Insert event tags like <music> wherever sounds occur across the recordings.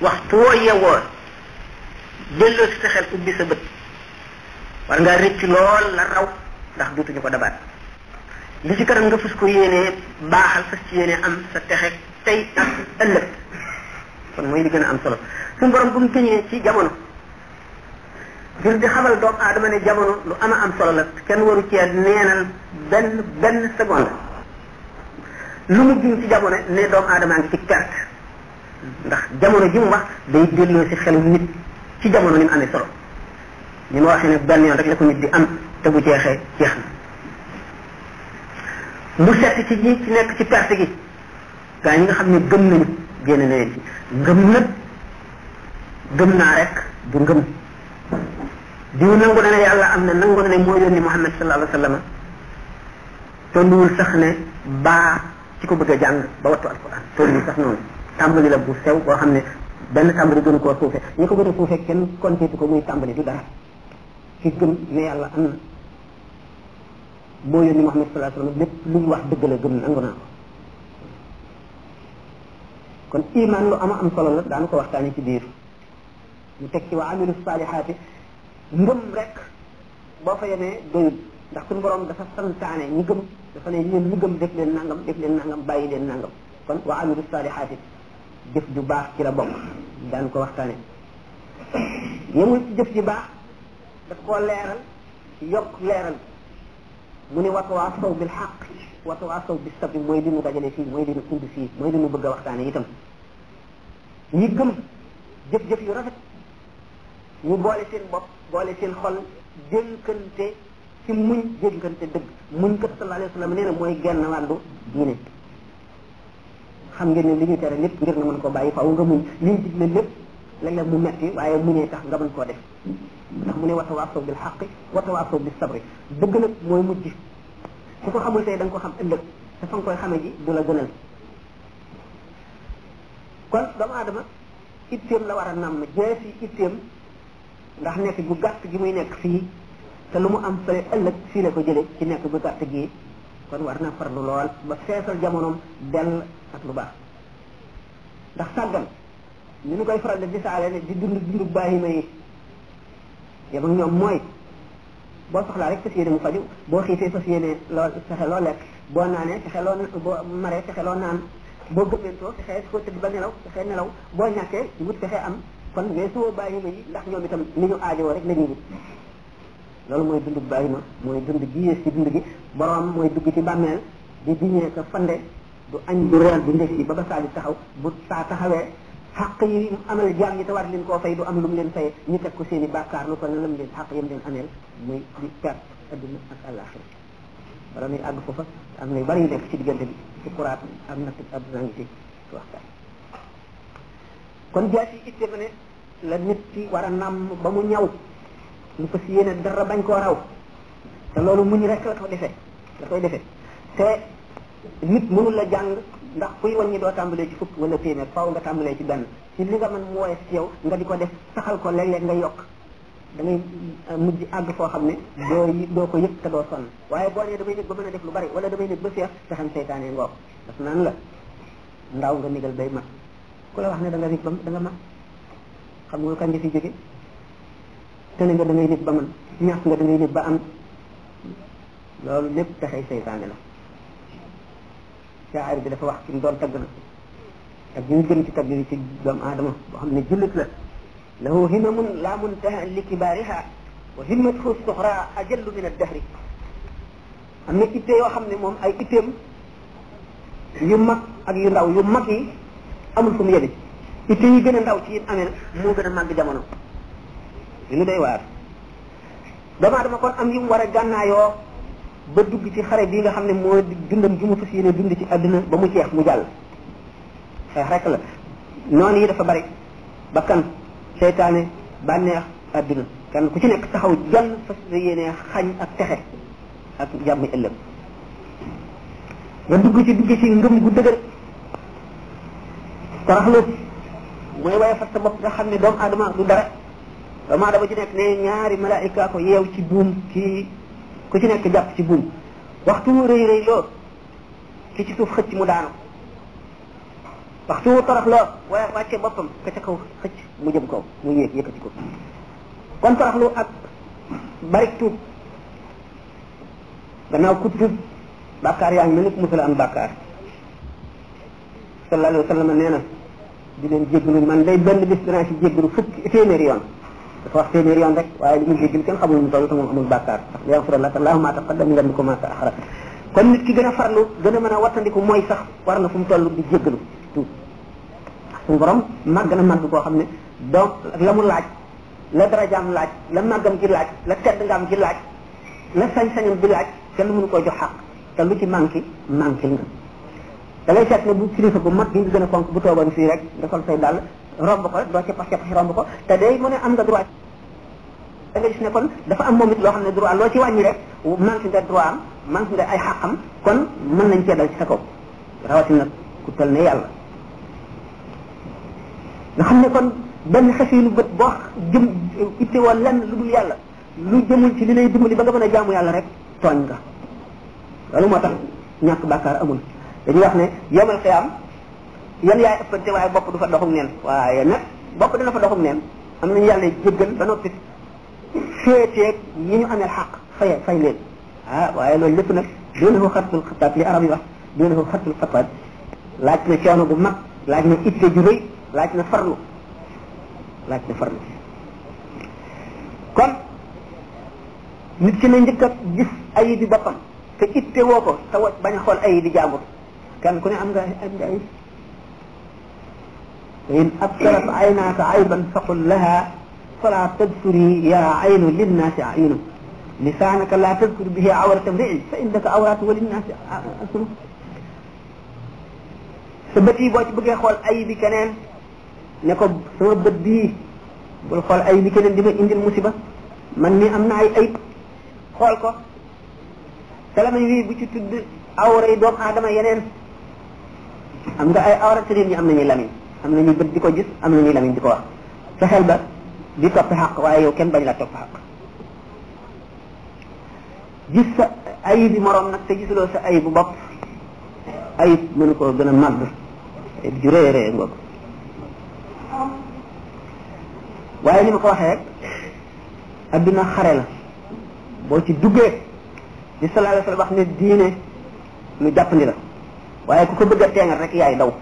wax woo yewoo delloo si sa xel ubbi sa bët war ngaa rëcc lool la raw ndax duutuñu ko dabaat li ci kanam nga fus ko yéenee baaxal fas ci yéenee am sa texe tey ak ëllëg kon mooy li gën a am solo suñu borom bu mu tëñee ci jamono ngir di xamal doomu aadama ne jamono lu ama am solo la kenn waru cee neenal benn benn seconde lu mu jëm ci jamono ne doomu aadama ngi ci perte ndax jamono ji mu wax day delloo si xelu nit ci jamono ni mu amee solo ni ma waxee ne benn yoon rek la ko nit di am te bu jeexee jeex na mu set ci ñi ci nekk ci perte gi gaa ñi nga xam ne gëm nañu génn na leen ci ngëm gëm naa rek du ngëm diw nangu na ne yàlla am na nangu na ne moo yónni Muhammad sallallahu alayhi wa sallam sax ne baa ci ko bëggee jàng ba wattu alquran tolluwul sax noonu tàmbali la bu sew boo xam ne benn tàmbali gënu koo suufe ñi ko gën a suufe kenn konteetu ko muy tàmbali du dara ki gëm ne yàlla am na boo yónni Muhammad sallallahu alayhi wasallam lépp lu mu wax dëgg la gëm nangu ko kon iman lu ama am solo la daanu ko waxtaani ci biir mu teg ci wa amilu saalihaati ngëm rek boo fa yemee doyut ndax suñu borom dafa santaane ñi gëm dafa ne ñeen ñi gëm def leen nangam def leen nangam bàyyi leen nangam kon wa amilu saalihaati jëf ju baax ci la bokk daan ko waxtaane yemul ci jëf ju baax daf koo leeral yokk leeral mu ne watawaasaw bil xaq watawaasaw bis sabri mooy li ñu dajale fii mooy li ñu indi fii mooy li ñu bëgg a waxtaane itam ñi gëm jëf-jëf yu rafet ñu boole seen bop boole seen xol dénkante ci muñ dénkante dëgg muñ kat sallallahu alayhi wa sallam nee na mooy genn wàllu diine xam ngeen ne li ñu tere lépp ngir na mën koo bàyyi faaw nga muñ li ñu digle lépp lañ la mu metti waaye muñee tax nga mën koo def ndax mu ne wata waasaw bil xaqi wata waasaw bil sabri dëgg nag mooy mujj ku ko xamul tey da nga ko xam ëllëg te fa nga koy xamee ji du la gënal kon doomu aadama itteem la war a namm jees yi itteem ndax nekk gu gàtt gi muy nekk fii te lu mu am fële ëllëg fii la ko jëlee ci nekk gu gàtt gii kon war naa na lu lool ba feesal jamonoom dell ak lu baax ndax sàggan ñu nu koy faral di gisaale ne di dund dundu bàyyi may yam ak ñoom mooy boo soxlaa rek fas yéene mu faju boo xiifee fas yéene lool fexe loo lekk boo naanee fexe loo boo maree fexe loo naan boo gëmmentoo fexe ko tëdd ba nelaw fexe boo ñàkkee wut fexe am kon mais suoo bàyyi may yi ndax ñoom itam ni ñu aajowoo rek la ñuy loolu mooy dund bàyyima mooy dund gi yées ci dund gi boroom mooy dugg ci bàmmeel di diñee ka fande du añ du reer du ndékki ba ba saa taxaw bu saa taxawee xaq yi amal jaam yi te war leen koo fay am lu leen fay ñu teg ko seen i ko ne leen xaq yam leen ameel muy di perte adduna ak àllaaxira bala muy àgg foofa am na yu bari yu nekk ci diggante bi ci kuraat am na ab nangiti ci waxtaan kon jaasi itte ma ne la nit ki war a nàmm ba mu ñaw mu fas yéene dara bañ koo raw te loolu muñ rek la ko defee la koy defe te nit mënul la jàng ndax kuy wàññi doo tàmbalee ci fukk wala téeméer faaw nga tàmbalee ci benn ci li nga mën mu woyes ci yow nga di ko def saxal ko léeg-léeg nga yokk da ngay euh, mujj àgg foo xam ne doo ko yëg te doo sonn waaye boo nee damay nekk ba mën a def lu bari wala damay nekk ba seex te xam seytaane ngoog daf naan la ndaw nga nigal bay mag ku la wax ne da nga nekk ba da nga mag xam tële nga da ngay nit ba man ñàkk nga da ngay nit ba am loolu lépp pexey seytaane la shaa'ir bi dafa wax ci mu doon tagg na ak ñu gën ci tagg yi ci doomu aadama boo xam ne jullit la lahu himamun la muntaha li kibaariha wa himmatuhu suxra ajallu min addahri am na itte yoo xam ne moom ay itteem yu mag ak yu ndaw yu mag yi amul fu mu yebe itte yi gën a ndaw ci yim amee moo gën a màgg jamono li mu day waar doomu aadama kon am yi war a gànnaayoo ba dugg ci xare bii nga xam ne moo dundam ju mu fas yéene dund ci àddina ba mu jeex mu jàll xeex rek la noonu yi dafa bari bakkan seytaane bànneex àdduna kan ku ci nekk taxaw jan fas yéene xañ ak texe ak jàmm ëllëg nga dugg ci dugg ci ngëm gu dëgër taraxlu mooy waaye fas sa bopp nga xam ne doomu aadama lu dara doomu aadama ji nekk ne ñaari malaayika ko yeew ci buum ci ku ci nekk jàpp ci buum waxtu wu rëy rëy loo ki ci suuf xëcc mu daanu waxtu wu torox loo waaye wàcce boppam ka ca kaw xëcc mu jëm kaw mu yéeg yëkkati ko kon toroxlu ak barik tuub gannaaw ku tuub bàkkaar yaa ngi mel ni ku musal am bàkkaar sallallahu alayhi wa sallam nee na di leen jéggalu man day benn bis danaa ci jéggalu fukki téeméeri yoon dafa wax téeméer yoon rek waaye li mu jéggal kenn xamul mu toll te moom amul bàkkaar ndax li la taqaddam ko taxara kon nit ki gën a farlu gën a mën a wattandiku mooy sax war na fu mu toll di jéggalu tuub suñu borom màgg na màgg koo xam ne donc la mu laaj la darajaam laaj la màggam gi laaj la tedd ngaam gi laaj la sañ-sañam bi laaj kenn mënu koo jox xaq te lu ci manqué manqué nga da ne bu kilifa bu mag gën a fonk bu toogoon fii rek say dàll romb ko doo ci passé passé romb ko te day mu ne am nga droit da nga gis ne kon dafa am momit loo xam droit ci rek droit am ay xàqam kon man nañ cee dal ci sa kaw rawatina ku tal ne nga kon benn xasilu bët boo jëm itte woon lenn lu dul lu jëmul ci li lay dimbali ba nga mën jaamu yàlla rek tooñ nga loolu moo tax ñàkk amul wax ne ngeen yaay ëppante waaye bopp du fa doxum neen waaye nag bopp dana fa doxum neen am nañu yàlla jëggal ba noppi féeteeg ñi ñu amee xaq fay fay leen ah waaye loolu lépp nag doona ko xatul xataab li arab yi wax doona ko xatul xataab laaj na coono bu mag laaj na itte ju rëy laaj na farlu laaj na farlu kon nit ki na njëkk a gis ayi di boppam te itte woo ko te bañ a xool ayi di jàmbur kan ku ne am nga am nga ayib إن أبصرت عينك عيبا فقل لها فلا تبصري يا عين للناس عينه لسانك لا تذكر به عورة امرئ فإنك عورات وللناس أسره سبتي بوات بغي خوال أي بكنان نكب سببت به بل خوال أي بكنان دي عند المصيبة من مي أمنع أي أيب خوالكو سلام يوي بيتو تد عورة دوم آدم ينان أمد أي عورة سرين يأمنني لامين am nañu bët di ko gis am nañu lamiñ di ko wax fexeel ba di topp xaq waaye yow kenn bañ la topp xaq gis sa ayib yi moroom nag te gisuloo sa ayibu bopp ayib mënu koo gën a màgg ayib ju rëy rëy ngoog waaye ni ma ko waxee rek adduna xare la boo ci duggee di sallallahu alayhi wa sallam wax ne diine lu jàppandi la waaye ku ko bëgg a teengal rek yaay daw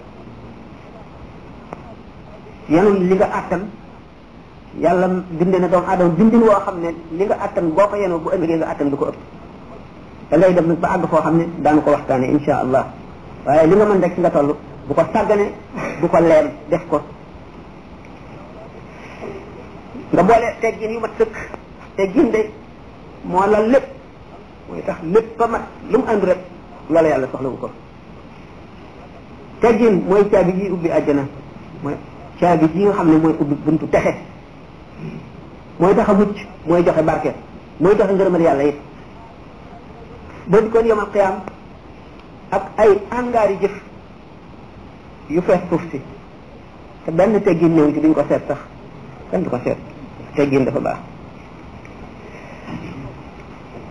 yenul li nga àttan yàlla binde na doomu aadama bindin woo xam ne li nga àttan boo ko yenoo bu ëllëgee nga àttan lu ko ëpp da ngay def àgg foo xam ne daanu ko waxtaane insha allah waaye li nga mën rek nga toll bu ko sàggane bu ko leem def ko nga boole teggin yu mat sëkk teggin de moo la lépp mooy tax lépp ba mat lu mu ànd rek loola yàlla soxlawu ko teggin mooy caabi ubbi àjjana mooy caabi ji nga xam ne mooy ubbi buntu texe mooy tax a mucc mooy joxe barke mooy joxe ngërëmal yàlla it ba di kon yomal xiyaam ak ay angaari jëf yu fees suuf si te benn teggin néew ci ko seet sax kenn du ko seet teggin dafa baax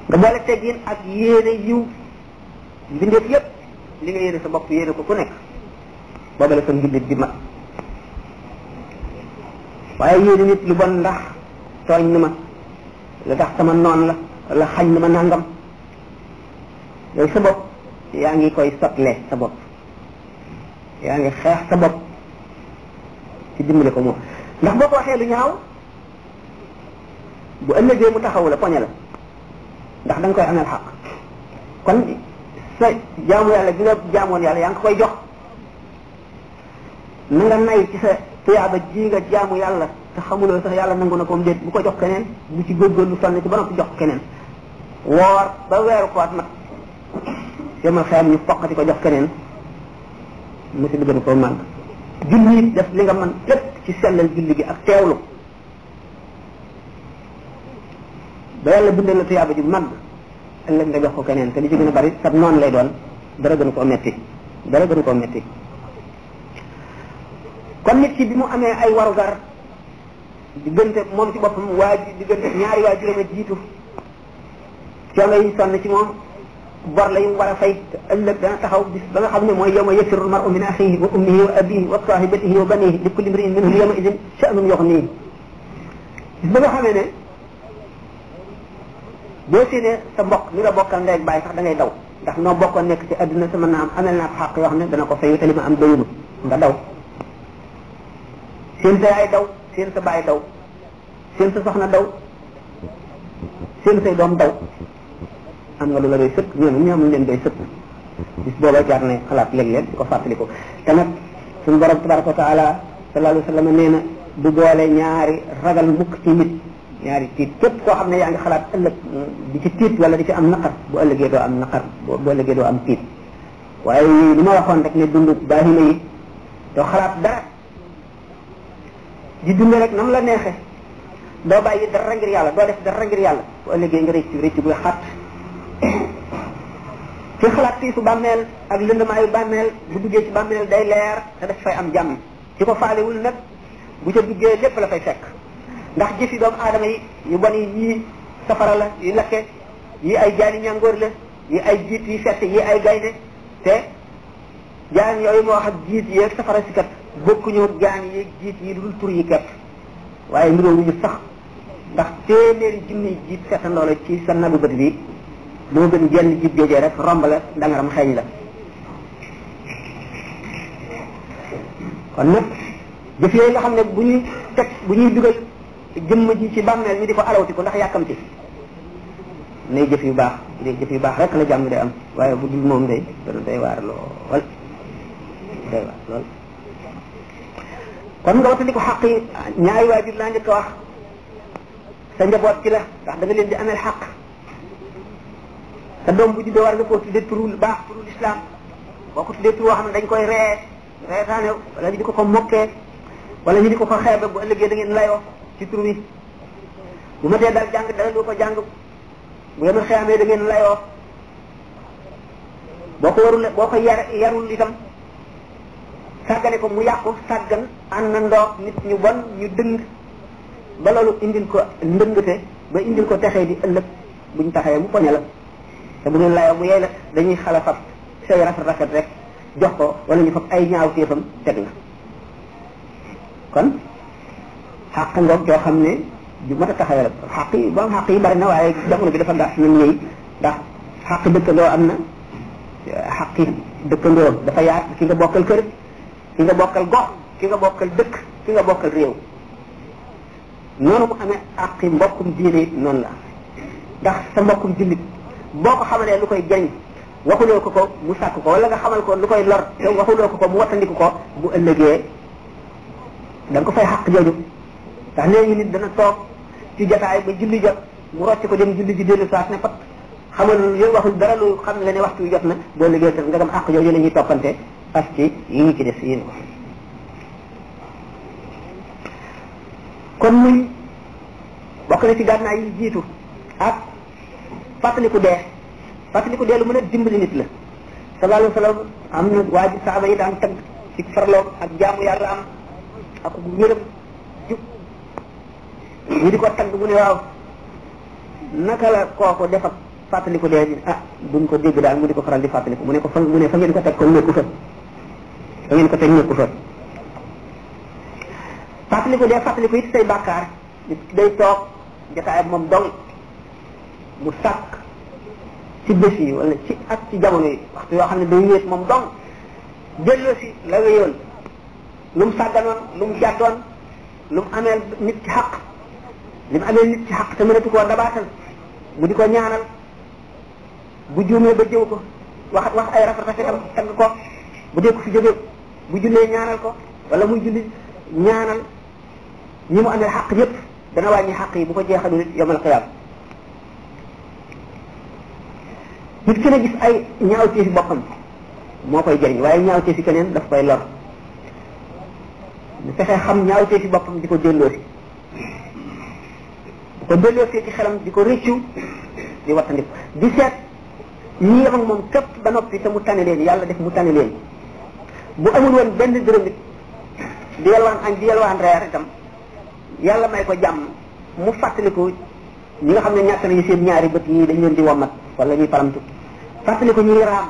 nga boole teggin ak yéene yiw mbindeef yépp li nga yéene sa bopp yéene ko ku nekk boobale sa mbindeef di ma waaye yéene nit lu bon ndax tooñ na ma la tax sama noon la la xañ na ma nangam yooyu sa yaa ngi koy sotle sa bopp yaa ngi xeex sa ci dimbali ko moom ndax boo ko waxee lu ñaaw bu ëllëgee mu taxaw la poñe la ndax da koy amal xaq kon jaamu yàlla gi nga jaamoon yàlla yaa ngi koy jox na nay ci sa tuyaaba ji nga jaamu yàlla te xamuloo sax yàlla nangu na koom déet bu ko jox keneen bu ci góorgóorlu sonn ci ba noppi jox keneen woor ba weeru koot nag yomal xeyam ñu foqati ko jox keneen mu si bëgg ko màgg julli li nga mën ci sellal julli gi ak teewlu ba yàlla bindal la ji màgg ëllëg nga jox ko keneen te li ci a bari noonu lay doon dara gën koo metti dara gën koo metti kon nit ki bi mu amee ay warugar diggante moom ci boppam waa diggante ñaari waa juróome jiitu coono yi sonn ci moom bor la yu war a fay te ëllëg dana taxaw bis ba nga xam ne mooy yowma yasiru lmaru min axihi wa ummihi wa abihi wa sahibatihi wa banihi li kulli mriin minhum yowma idin sha'nun yuxnihi bis ba nga xamee ne boo séenee sa mbokk mi nga bokkal ndey ak bàyyi sax da ngay daw ndax noo bokkoon nekk ci àdduna sa mën naa am amel naa xàq yoo xam ne dana ko fayu te li ma am doyulu nga daw seen yaay daw seen sa baay daw seen sa soxna daw seen doom daw am nga lu la doy sëkk ñoom ñoom leen doy sëkk bis booba jaar na xalaat léeg-léeg di ko fàttaliku te nag suñu borom tabaraka wa taala sallallahu wa sallam nee na du boole ñaari ragal mukk ñaari tiit képp koo xam ne yaa xalaat ëllëg di ci tiit wala di ci am naqar bu ëllëgee doo bu ëllëgee doo am tiit waaye li ma waxoon rek ne dund baaxi na yi xalaat dara di dund rek nam la neexe doo bàyyi dara ngir yàlla doo def dara ngir yàlla bu ëllëgee nga rëcc rëcc buy xat ci <coughs> xalaat fii su bàmmeel ak lëndamaayu bàmmeel bu duggee ci bàmmeel day leer te daf fay am jàmm ci ko faalewul nag bu ca duggee lépp la fay fekk ndax jëfi doomu aadama yi yu bon yi yii safara la yu lakke yi ay jaani ñàngoor la yi ay jiit yi fett yi ay gaynde te jaan yooyu ma wax jiit yeeg safara si kat bokku ñu jaan yi jitt yi dul tur yi kepp waye niroo ñu sax ndax téeméeri jinni jiit na la ci sa nabu bët bi moo gën jenn jitt jëjë rek romb la ram xéñ la kon nak def yi nga xamné bu ñuy tek bu ñuy duggal jëm ji ci bàmmeel ñu di ko alawti ko ndax yàkkamti nay jëf yu baax day jëf yu baax rek la jàmm day am waaye bu dul moom day dana day waar lool day waar lool kon nga wattandiku xaq yi ñaari waajur laa njëkk a wax sa njaboot ci la ndax da nga leen di amel xaq sa doom bu juddoo war nga ko tuddee turu baax turu lislaam boo ko tuddee turu woo xam ne dañ koy ree reetaane wala ñu di ko ko mokkee wala ñu di ko ko xeebe bu ëllëgee da ngeen layoo ci tur wi bu ma tee daal jàng dara doo ko jàng bu yemal xeyaamee da ngeen layoo boo ko yarul itam sàggane ko mu yàqu sàggan ànd na ndoog nit ñu bon ñu dëng ba loolu indil ko ndëngte ba indil ko texee di ëllëg buñ taxawee mu poñe la te bu ngeen laayoo mu yey nag dañuy xala fab say rafet rafet rek jox ko wala ñu fab ay ñaaw téefam teg la kon xàq ngoog joo xam ne ju mat a taxawee la xàq yi boom xàq yi bari na waaye jamono bi dafa gas nañ ñëy ndax xàq dëkkandoo am na xàq dëkkandoo dafa yaat ki nga bokkal kër ki nga bokkal gox ki nga bokkal dëkk ki nga bokkal réew noonu mu amee àqi mbokkum diine noonu la ndax sa mbokkum jullit boo ko lu koy jariñ waxuloo ko ko mu sàkk ko wala nga xamal ko lu koy lor te waxuloo ko ko mu wattandiku ko bu ëllëgee da nga ko fay xaq jooju ndax léegi nit dana toog ci jataay ba julli jot mu rocc ko dem julli ji dellu saat ne pat xamal yow waxul dara lu xam nga ne waxtu wi jot na boo liggéey tam nga dem àq jooju la ñuy toppante as ci yi ñu ci def yéen ko kon muy bokk na ci gànnaay yi jiitu ak fàttaliku dee fàttaliku dee lu mën a dimbali ni la sallallahu alayhi wa sallam am na waa ji saaba yi daan tagg ci farloom ak jaamu yàlla am ak wéram jub ñu di ko tag bu ne waaw naka la ko def ak fàttaliku dee ah duñ ko dégg daal mu di ko faral di fàttaliku mu ne ko fa mu ne fa ngeen ko teg kon nekku fa da ngeen ko fekk nekku fa de dee fàttaliku it say bàkkaar ki day toog jotaay moom dong mu sàkk ci bés yi ci ak ci jamono yi waxtu yoo xam ne day wéet moom dong delloo si la nga lu mu sàgganoon lu mu jàddoon lu mu ameel nit ci xaq li mu ameel nit ci xaq te mënatu koo dabaatal mu di ko ñaanal bu juumee ba jëw ko wax ay rafet rafetam tagg ko bu dee ko fi jógee bu jullee ñaanal ko wala muy julli ñaanal ñi mu amel xaq yépp dana wàññi xaq yi bu ko jeexalu nit yomal xiyaam nit ki ne gis ay ñaawtee fi boppam moo koy jëriñ waaye ñaawtee fi keneen daf koy lor mu fexe xam ñaawtee fi boppam di ko delloo si bu ko delloo si ci xelam di ko rëccu di wattandik di seet ñi yem ak moom képp ba noppi te mu tane leen yàlla def mu tane leen bu amul woon benn dërëm it di yalwaan añ di yalwaan reer itam yàlla may ko jàmm mu fàttaliku ñi nga xam ne ñàkk nañu seen ñaari bët ñii dañ leen di wommat wala ñuy palamtu fàttaliku ñuy raam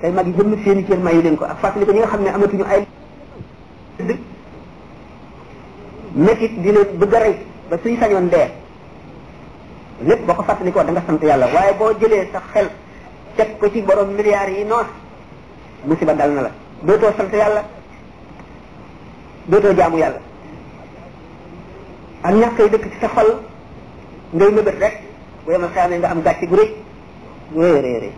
tey mag yi jëmm seen i cër mayu leen ko ak fàttaliku ñi nga xam ne amatuñu ay métit di leen bëgg a rey ba suñ sañoon dee lépp boo ko fàttalikoo da nga sant yàlla waaye boo jëlee sa xel teg ko ci borom milliards yi noonu musiba dal na la dootoo sant yàlla dootoo jaamu yàlla ak ñàkk dëkk ci sa xol ngay mëbët rek bu yemal xeamee nga am gàcce gu rëy gu rëy rëy rëy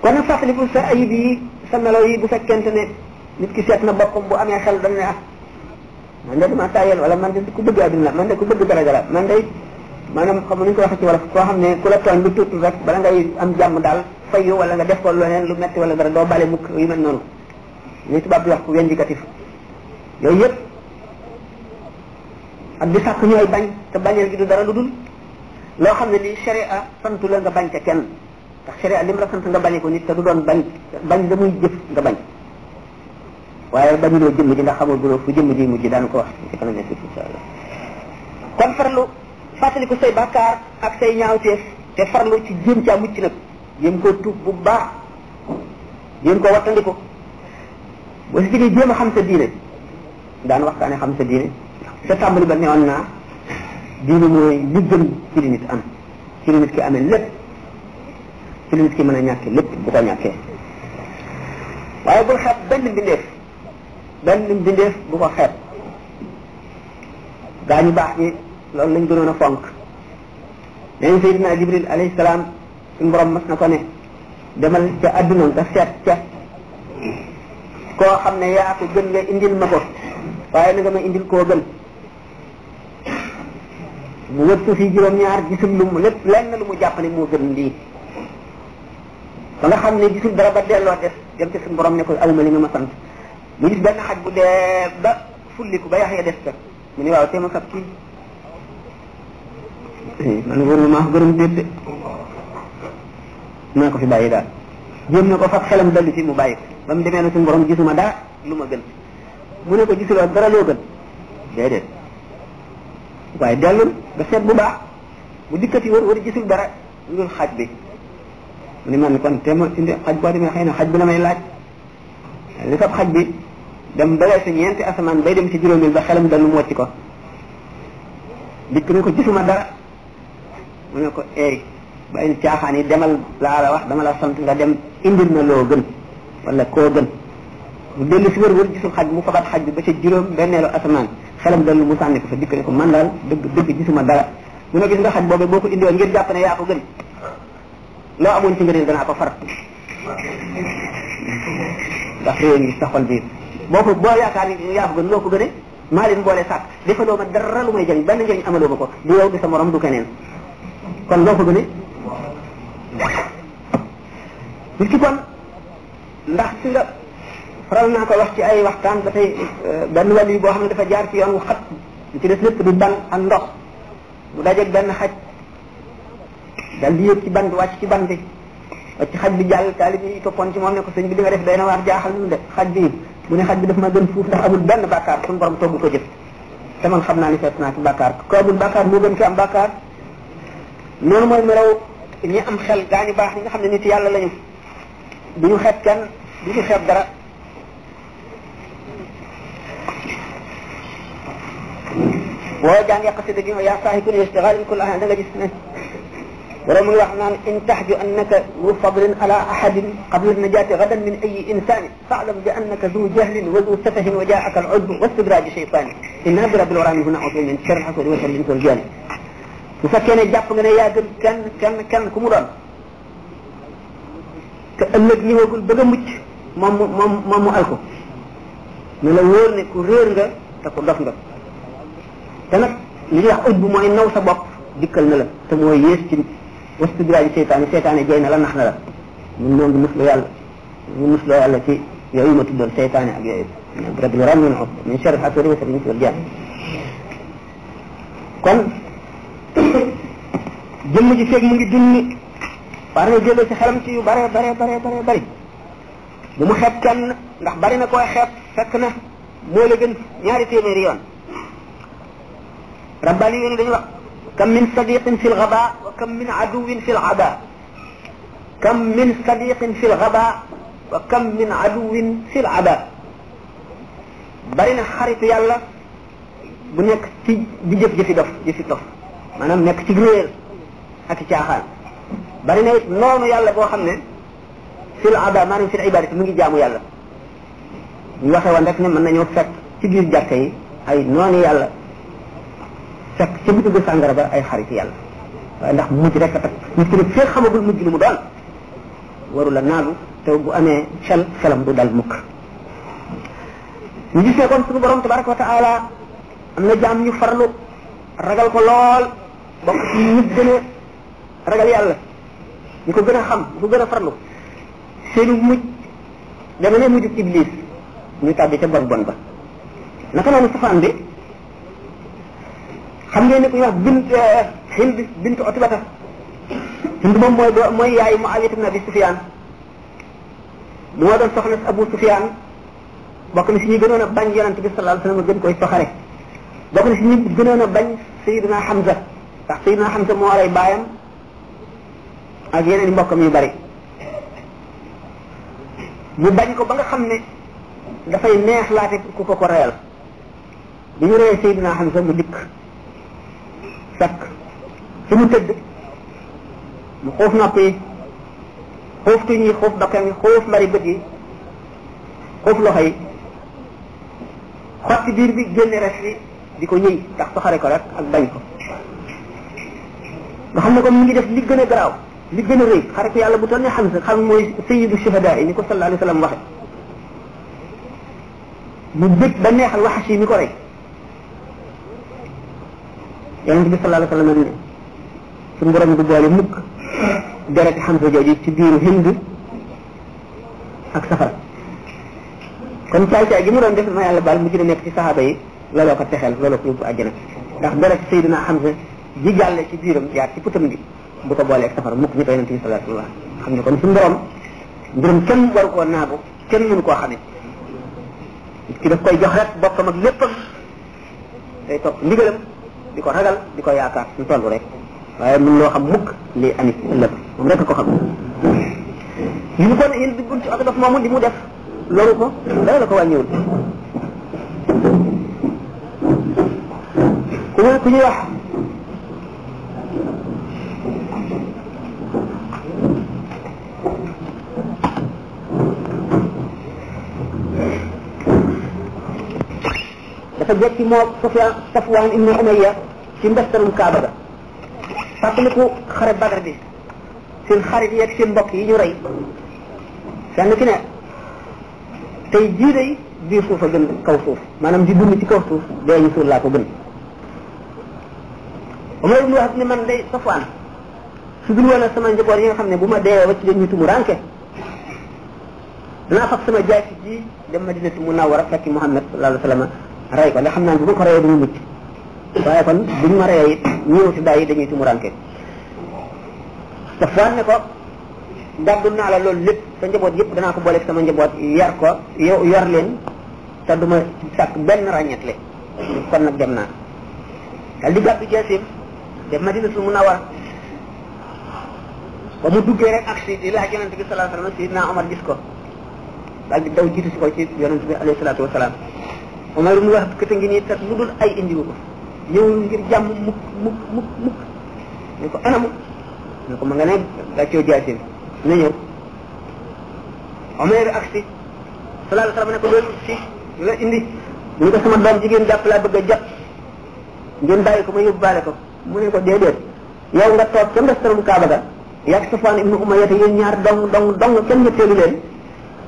kon nag fàttaliku sa ayib yi sa melo yi bu fekkente ne nit ki seet na boppam bu amee xel dañ ne ah man de dama tayel wala man de ku bëgg àdduna la man ku bëgg daraja la man de maanaam xam nu ñu ko waxee ci koo xam ne ku la tooñ lu tuuti rek bala ngay am jàmm daal fayu wala nga def ko lenen lu metti wala dara do balé mukk yu mel non ni tubab di wax ku vindicatif yoy yeb ak di sax ñoy bañ te bañel gi du dara luddul lo xamne ni sharia santu la nga bañ ca kenn ndax sharia lim la santu nga bañe ko nit te du doon bañ bañ da muy jëf nga bañ waye bañ loo jëm ji ndax xamoo guloo fu jëm ji ci daan ko wax ci kala nekk ci sala kon farlu ko say bakkar ak say ñaawte te farlu ci ci amu ci nak yéen ko tuub bu baax yéen ko wattandiku boo si jógee jéem a xam sa daan waxtaane xam sa diine sa tàmbali ba newoon naa diine mooy li gën ci li nit am ci li nit ki amee lépp ci li nit ki mën a ñàkkee lépp bu ko ñàkkee waaye bul xeeb benn mbindeef benn bu ko xeeb gaa ñu baax ñi loolu lañ gënoon a fonk nee Seydina Jibril alayhi salaam suñu borom na ko ne demal ca adduna nga seet ca koo xam ne yaa gën nga indil ma ko waaye na nga ma indil koo gën mu wër suuf si juróom-ñaar gisul lu mu lépp lu mu jàpp ne moo gën lii ba xam ne gisul dara ba delloo def dem ci suñu borom ne ko awma ma sant mu gis benn xaj bu dee ba fulliku ba yax ya mu ne waaw te ma fab kii eh, man wër ma maa ko gërëm déet de naa ko fi bàyyi daal jéem na ko fab xelam dellu si mu bàyyi ko ba mu demee na suñu borom gisuma dara lu ma gën mu ne ko gisuloo dara loo gën déedéet waaye dellul nga seet bu dara ngir xaj bi mu ne man kon indi xaj boo demee xëy na xaj bi la may laaj li bi dem balee si ñeenti asamaan bay dem si juróomil ba xelam dellu mu ko dikk ne ko gisuma dara mu ne ko eey ba ay caaxaan yi demal laa wax dama la sant nga dem indil na loo gën wala koo gën mu dellu si wër wër gisul xaj mu fabat xaj ba ca juróom benneelu asamaan xelam dallu mu sànni ko fa dikk ne ko man daal dëgg dëgg gisuma dara mu ne gis nga xaj boobee boo ko indiwoon ngir jàpp gën loo amoon ci ngëneel danaa ko far ndax réew ngi sa xol bi boo ko boo yaakaar ni yaa gën loo ko gëne maa boole sàkk defaloo ma dara lu may jëriñ benn njëriñ a ma ko du yow du sa du keneen kon loo ko nit ki kon ndax si nga faral naa ko wax ci ay waxtaan ba tey euh, benn wàll yi boo xam ne dafa jaar ci yoon wu xat li ci des lépp bi ban ak ndox mu dajeeg benn xaj dal di yëg ban bi wàcc ci ban bi wàcc xaj bi jàll taalib yi ci moom ne ko sëñ bi li nga def day na waar jaaxal ñu de xaj bi mu ne xaj bi daf ma gën fuuf ndax amul benn bàkkaar suñu borom togg ko jëf te xam naa ni fekk naa ci bàkkaar ko amul bàkkaar moo gën ki am bàkkaar noonu mooy melaw ñi am xel gaañu baax ñi nga xam ne nit yàlla lañu du ñu xeeb kenn du ñu xeeb dara boo jàngee xasida gi yaa saaxibun istigaal kul ahad da nga gis ne borom ngi wax naan in taxju annaka du fadlin ala ahadin qabla najaati gadan min ayi insaanin faalam bi annaka du jahlin wa du safahin wa jaaka al udbu wa istidraaju shaytaani inna bi rabbil wara min huna min sharri al hasadi wa sharri al insi wal jaani su fekkee ne jàpp nga ne yaa gën kenn kenn ku mu doon te ëllëg ñëwagul bëgg a mucc moom mu moom moom mu alko ne la wóor ne ku réer nga te ku dof nga te nag li ñuy wax ut bu mooy naw sa bopp dikkal na la te mooy yées ci wastu biraaji seytaane seytaane jay na la nax na la mun noo ngi muslu yàlla ñu musloo yàlla ci yooyu ma tuddoon seytaane ak yooyu rabbil waram min min sharri xasari wa sariñ ci wal jeex kon jëmm ji feeg mu ngi dund war na jëlee ci xelam ci yu bare bare bare bare bari bu mu xeeb kenn ndax bari na koy xeeb fekk na moo la gën ñaari téeméeri yoon rabbani yi dañu wax kam min sadiqin fi lgaba wa kam min aduwin fi lada kam min sadiqin fi lgaba wa kam min aduwin fi lada bari na xaritu yàlla bu nekk ci di jëf jëfi dof jëfi tof maanaam nekk ci réer ak caaxaan bari na it noonu yàlla boo xam ne fil ada maanaam fil ibadati mu ngi jaamu yàlla ñu waxe woon rek ne mën nañoo fekk ci biir jàkka yi ay noonu yàlla fekk ci ay xarit yàlla waaye ndax mujj rek a tax nit ki nag fekk lu mu doon waru la naagu te bu amee xel xelam du dal mukk ñu gis ne kon suñu borom wa taala am na jaam ñu farlu ragal ko lool bokk ci nit gën a ragal yàlla ñu ko gën a xam ñu ko gën a farlu seenu mujj dana ne mujjub iblis ñu tàbbi ca bon bon ba naka noonu safaan bi xam ngeen ne ku ñuy bint eh, Hind bint Utbata Hind moom mooy doo mooy yaayu Muawiya ibn Abi Sufyaan moo doon soxna Abu Sufyaan bokk na si ñi gënoon a bañ yonent bi sallallahu alayhi wa gën koy soxare bokk na si ñi gënoon a bañ Sayyidina Hamza tax ndax Seydina Hamza moo rey baayam ak yeneen mbokkam yu bari mu bañ ko ba nga xam ne dafay neex laate ku ko ko reyal bi ñu reyee Seydina Hamza mu dikk sakk fi mu tëdd mu xoof nopp yi xoof tuñ yi xoof bakkan xoof mbari bët yi xoof loxo yi xotti biir bi génne res bi di ko ñëy ndax soxare ko rek ak bañ ko nga xam ne comme mi ngi def li gën a garaaw li gën a rëy xare ko yàlla bu toll ne Hamza xam mooy sayyidu shuhada yi ko sallallahu alayhi wa sallam waxe mu bëgg ba neexal waxas yi mi ko rey yonent bi sallallahu alayhi wa sallam ne suñu borom du boole mukk dereti ci biiru Hind ak safara kon caay-caay gi mu doon def ma yàlla baal mu gën a nekk ci saxaaba yi looloo ko texeel looloo ko yóbbu àjjana ndax dereti sayyidina Hamza ji jàlle ci biiram jaar ci putam bi bu ko booleeg safar mukk ñu ko yonente salatu sallallahu xam ne kon suñu borom mbirum kenn war koo naagu kenn mun koo xamee ki daf koy jox rek bokkam ak léppam day topp ndigalam di ko ragal di ko yaakaar ñu toll rek waaye mun loo xam mukk li amit ëllëg moom rek ko xam yi mu kon yéen di bunt ak daf moomu di mu def loolu ko dara la ko wàññiwul ku ñu wax dafa jekki moo Sufyaan Safwaan ibnu Umayya ci mbestarum Kaaba ga fàttaliku xare Badar bi seen xarit yi ak seen mbokk yi ñu rey kenn ki ne tey jii day biir suuf a gën kaw suuf maanaam di dund ci kaw suuf a ñu suul laa ko gën Umar ibnu Wahab ne man day Safwaan su dul woon sama njaboot yi nga xam ne bu ma dee wacc dañuy tumu ranke danaa fab sama jaay ci ji dem Madinatu Munawwara fekki Muhammad sallallahu alayhi wa sallam ray ko ndax xam naa bu ko rayee dañu mucc waaye kon buñ ma rayee it ñëw si bàyyi dañuy tumuranke safwaan ne ko dàddul naa la loolu lépp sa njaboot yépp danaa ko booleeg sama njaboot yar ko yow yar leen te du ma sàkk benn le kon nag dem naa dal di gàddu jeesim dem madina madinatul munawara ba mu duggee rek ak si di laaj yonente bi salaa sallam sidna omar gis ko dal di daw jiitu si ko ci yonente bi alayhi salaatu wasalaam Umar ibn Wahab kete ngi ni tat mudul ay indi ko ñew ngir jam muk muk muk muk ni ko anam ni ko ma nga ne da ci jaati na ñew Umar aksi sallallahu salaam ne ko doon ci la indi ni ko sama doom jigen japp la bëgg japp ngeen bayi ko ma yobale ko mu ne ko dedet yow nga tok ci ndastarum kaaba ga yak ya, sufan ibnu umayyah yeen ñaar dong dong dong kenn ñu teelu leen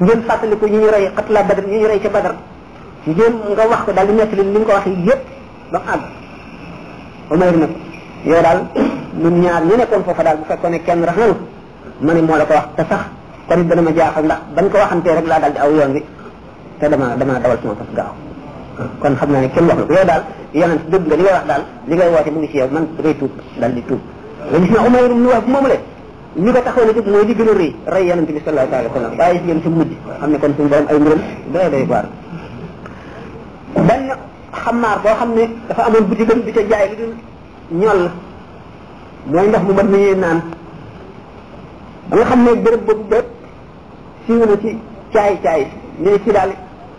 ngeen fatali ko ñi ñu ray khatla badr ñi ñu ray ci badr jéem nga wax ko dal di nekk li ni ko waxee yépp ba àgg Umar nag yow daal ñun ñaar ñu nekkoon foofa daal bu fekkoon ne kenn rax nanu ma ne moo la ko wax te sax kon dana ma jaaxal la bañ ko waxantee rek laa dal di aw yoon bi te dama dama dawal sama fas gaaw kon xam naa ne kenn wax na ko yow daal yeneen dëgg nga li nga wax daal li ngay woote mu ngi ci yow man da ngay tuub daal di tuub nga gis na Umar ñu wax moom la ñu ko taxawal ci mooy di gën a rëy rey yeneen bi sallallahu alayhi wa sallam waaye si yéen si mujj xam ne kon suñu borom ay mbiram day day waar ben xamaar boo xam ne dafa amoon butigam di ca jaay li dul ñol mooy ndax mu mën nañuy naan nga xam ne béréb boobu bépp siiw na ci caay caay ñu ne ci daal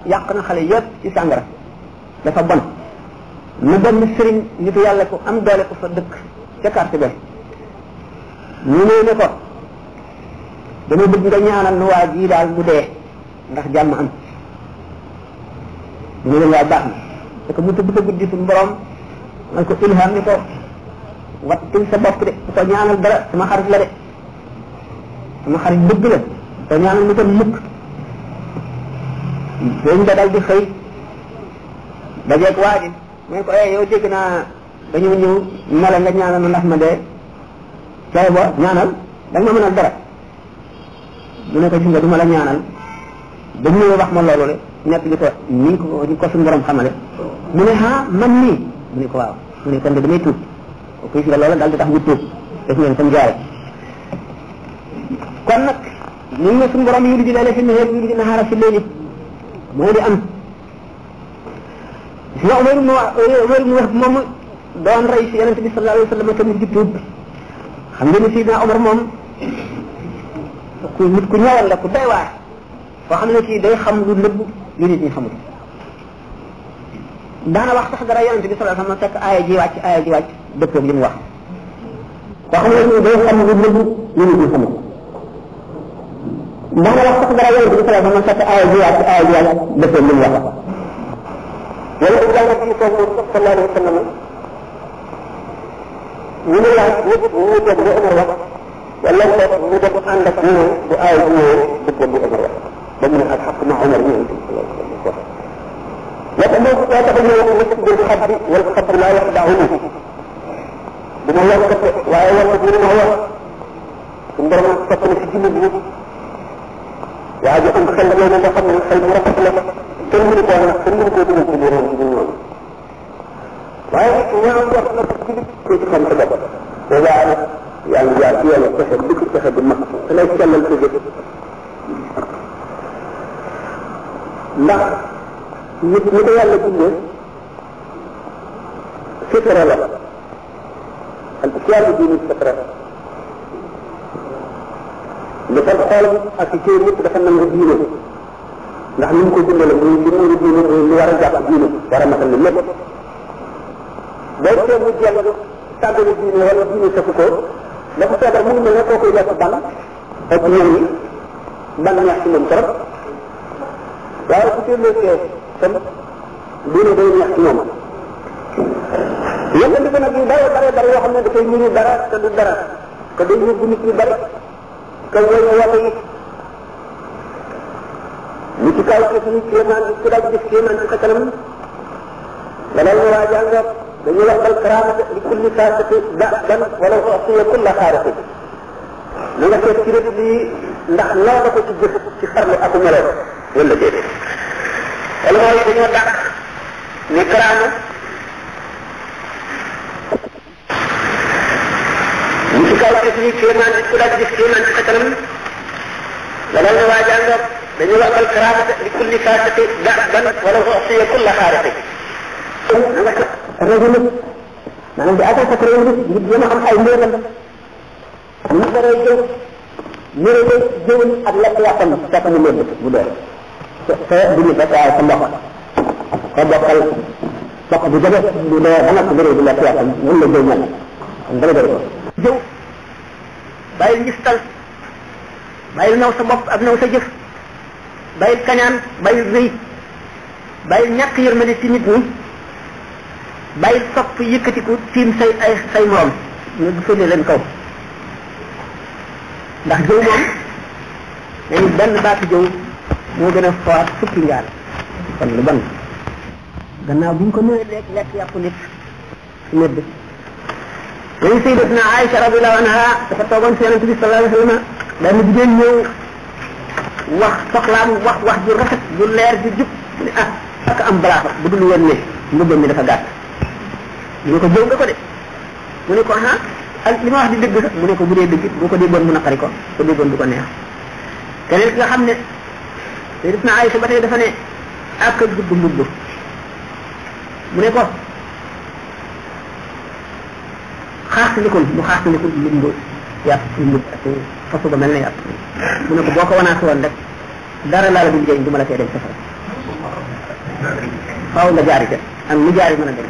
yàq na xale yépp ci sàngara dafa bon mu benn sëriñ nitu yàlla ko am doole ko fa dëkk ca carte ba mu ne ne ko dama bëgg nga ñaanal nu waa jii mu dee ndax jàmm am ñu ne waaw baax na parce que bu të bu tëggut ji suñu borom man ko ilham ni ko wattul sa bopp de ko ñaanal dara sama xarit la de sama xarit dëgg la ko ñaanal mu tam mukk dañ da dal di xëy dajeeg mu ne ko eh yow dégg naa dañoo ñëw ne nga ñaanal ma ndax ma dee cay ñaanal da ma mënal dara mu ne ko gis nga du ma la ñaanal dañ ñëw wax ma loolu de nekk ñu ko ni ko ko borom xamale mu ne ha man ni mu ne ko waaw mu ne kon damay tuub di tax nga tuub def ngeen sam jaare kon nag ni nga suñu borom yuli di leele fi nahar yuli di nahara fi leeli moo di am si wax wéru mu wéru mu wax moom doon rey si yonente bi sallallahu alayhi wa tamit di tuub xam nga ni sidna omar moom ku nit ku la ku doy day xam lu yu nit ñi xamul daana wax sax dara yonente bi sallallahu alayhi wasallam fekk aaya ji wàcc aaya ji wàcc dëppoog li mu wax wax na ni day xam lu dëgg lu nit ñi xamul daana wax sax dara yonente bi sallallahu alayhi wasallam fekk aaya ji wàcc aaya ji wàcc dëppoog li mu wax yonente bi jàngal bi toog moom sallallahu alayhi wasallam ñu ngi laaj nit ñu ngi toog bu Omar wax wala mu def ànd ak ñu bu aaya ji ñëwee dëppoog bu Omar wax لأنه الحق مع عمر بن لكن لا تغير المسك بالخبر والخبر لا يخدعونه بما هو الخبر وهو الخبر هو عندما تكون في الجنة وعاد أن تخلق يوم دخل من الخير ورفق لك تنمر بها تنمر بها من الجنة والجنة وعاد يوم دخل في الجنة كنت خمسة بابا وإذا يعني بك nit ni ko yàlla bindee fitra la al islam diini fitra dafa xolam ak ci nit dafa nangu diine ndax ni ko bindee la muy li mu diine muy lu war a jàpp diine war a matal lépp boo tee mu jàng tàggali diine wala diine ko dafa mu ne koy ban ak ban ci وسلم dina day neex ci moom yëngatu ko nag yu bare bare bare yoo xam ne dafay niru dara te du dara te day yóbbu nit ñu bare te woy na yàlla yi li ci kaw ci suñu kéemaan bi ku daal gis kéemaan ci sa kanam dalal na waa jàngat dañuy wax bal karaama li kulli saasati da dan wala uxsiya kulla xaarati na nga seet ci rëdd bi ndax loo ko ci jëf ci xarlu ak meloo wala déedéet wala mooy dañoo dàq ni karaama bu ci kaw def ni kéemaan ku daal di def kéemaan ci sa kanam la dal na waa jàngoog dañu waxal karaama li kulli faasati dàqban wala uxsiya kulla xaarati rajul maanaam di atal sa kuréel bi ngir jéem a xam ay mbéyam am na dara jëw yëre jëw ak lekk yàppam sa kanam lépp bu doon بالنسبة للطبقة طبق الطبق بجبل بلا ما تقدر بلا فيها ولا جو مال بلا جو جو بايل نستل بايل نو سبب ابنو سجف بايل كنان بايل زي بايل ñak yermane ci nit ñi bayil sopp yëkkatiku tiim say ay say morom ñu gisale leen kaw ndax jëw moom dañu benn baatu jëw mo gëna a foor fukki njaal kon lu ban gannaaw bu ñu ko mënee lekk lek yàpp nit mëdd dañu sayyidatna aisha radhiyallahu anha dafa togon ci yonente bi sallallahu alayhi wasallam da ah, ni digeen ñew wax soxlaam wax wax ju rafet ju leer ju jup ne ah ak am bala fa bu dul woon ne mbubbam mi dafa gatt ñu ko jëw nga ko de mu ne ko ha al li wax di dëgg sax mu ne ko bu dee dëgg bu ko déggoon mu naqari ko ko déggoon du ko neex keneen ki nga xam ne sayyidatuna Aïcha ba tey ak gudd mbubb mu ne ko xaasilikul mu xaasilikul mbubb yàpp mu ne ko boo ko wanaas woon rek dara laa la dul jëriñ du ma la fee dem safara faaw nga jaari ca ak mu jaari mën a dem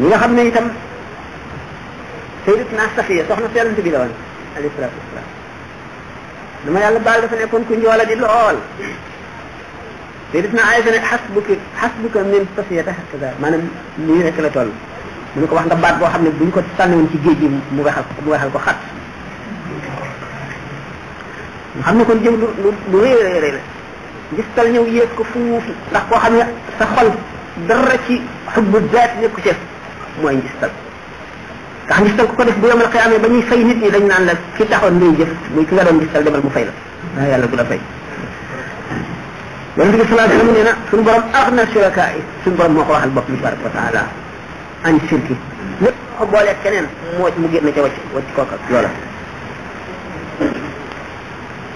ñi nga xam ne itam sayyidatuna Safiya soxna si yonent bi la woon alayhi salaatu wasalaam لما يلا بعد دفن يكون كنجي ولا دي لول سيدتنا عايزة حسبك حسبك من تصية هكذا ما أنا ميرة كلا تول منك واحد بعد واحد من بنيك تستنى من تيجي جي مباحل مباحل كحات محمد كن جي نوري ري ري جستل نيو يس كفوف لك واحد سخل درتي حب الذات نيكو شف مو عندي nga xam gisal ku ko def bu yomal xiyaamee ba ñuy fay nit ñi dañ naan la ki taxoon ngay jëf muy ki nga doon gisal demal mu fay la daa yàlla du la fay yonente bi salaa sallam nee na suñu borom axna shuraka yi suñu borom moo ko waxal bopp bi tabaraka wa taala an shirki lépp ko boolee keneen moo mu génn ca wacc wacc kooka loola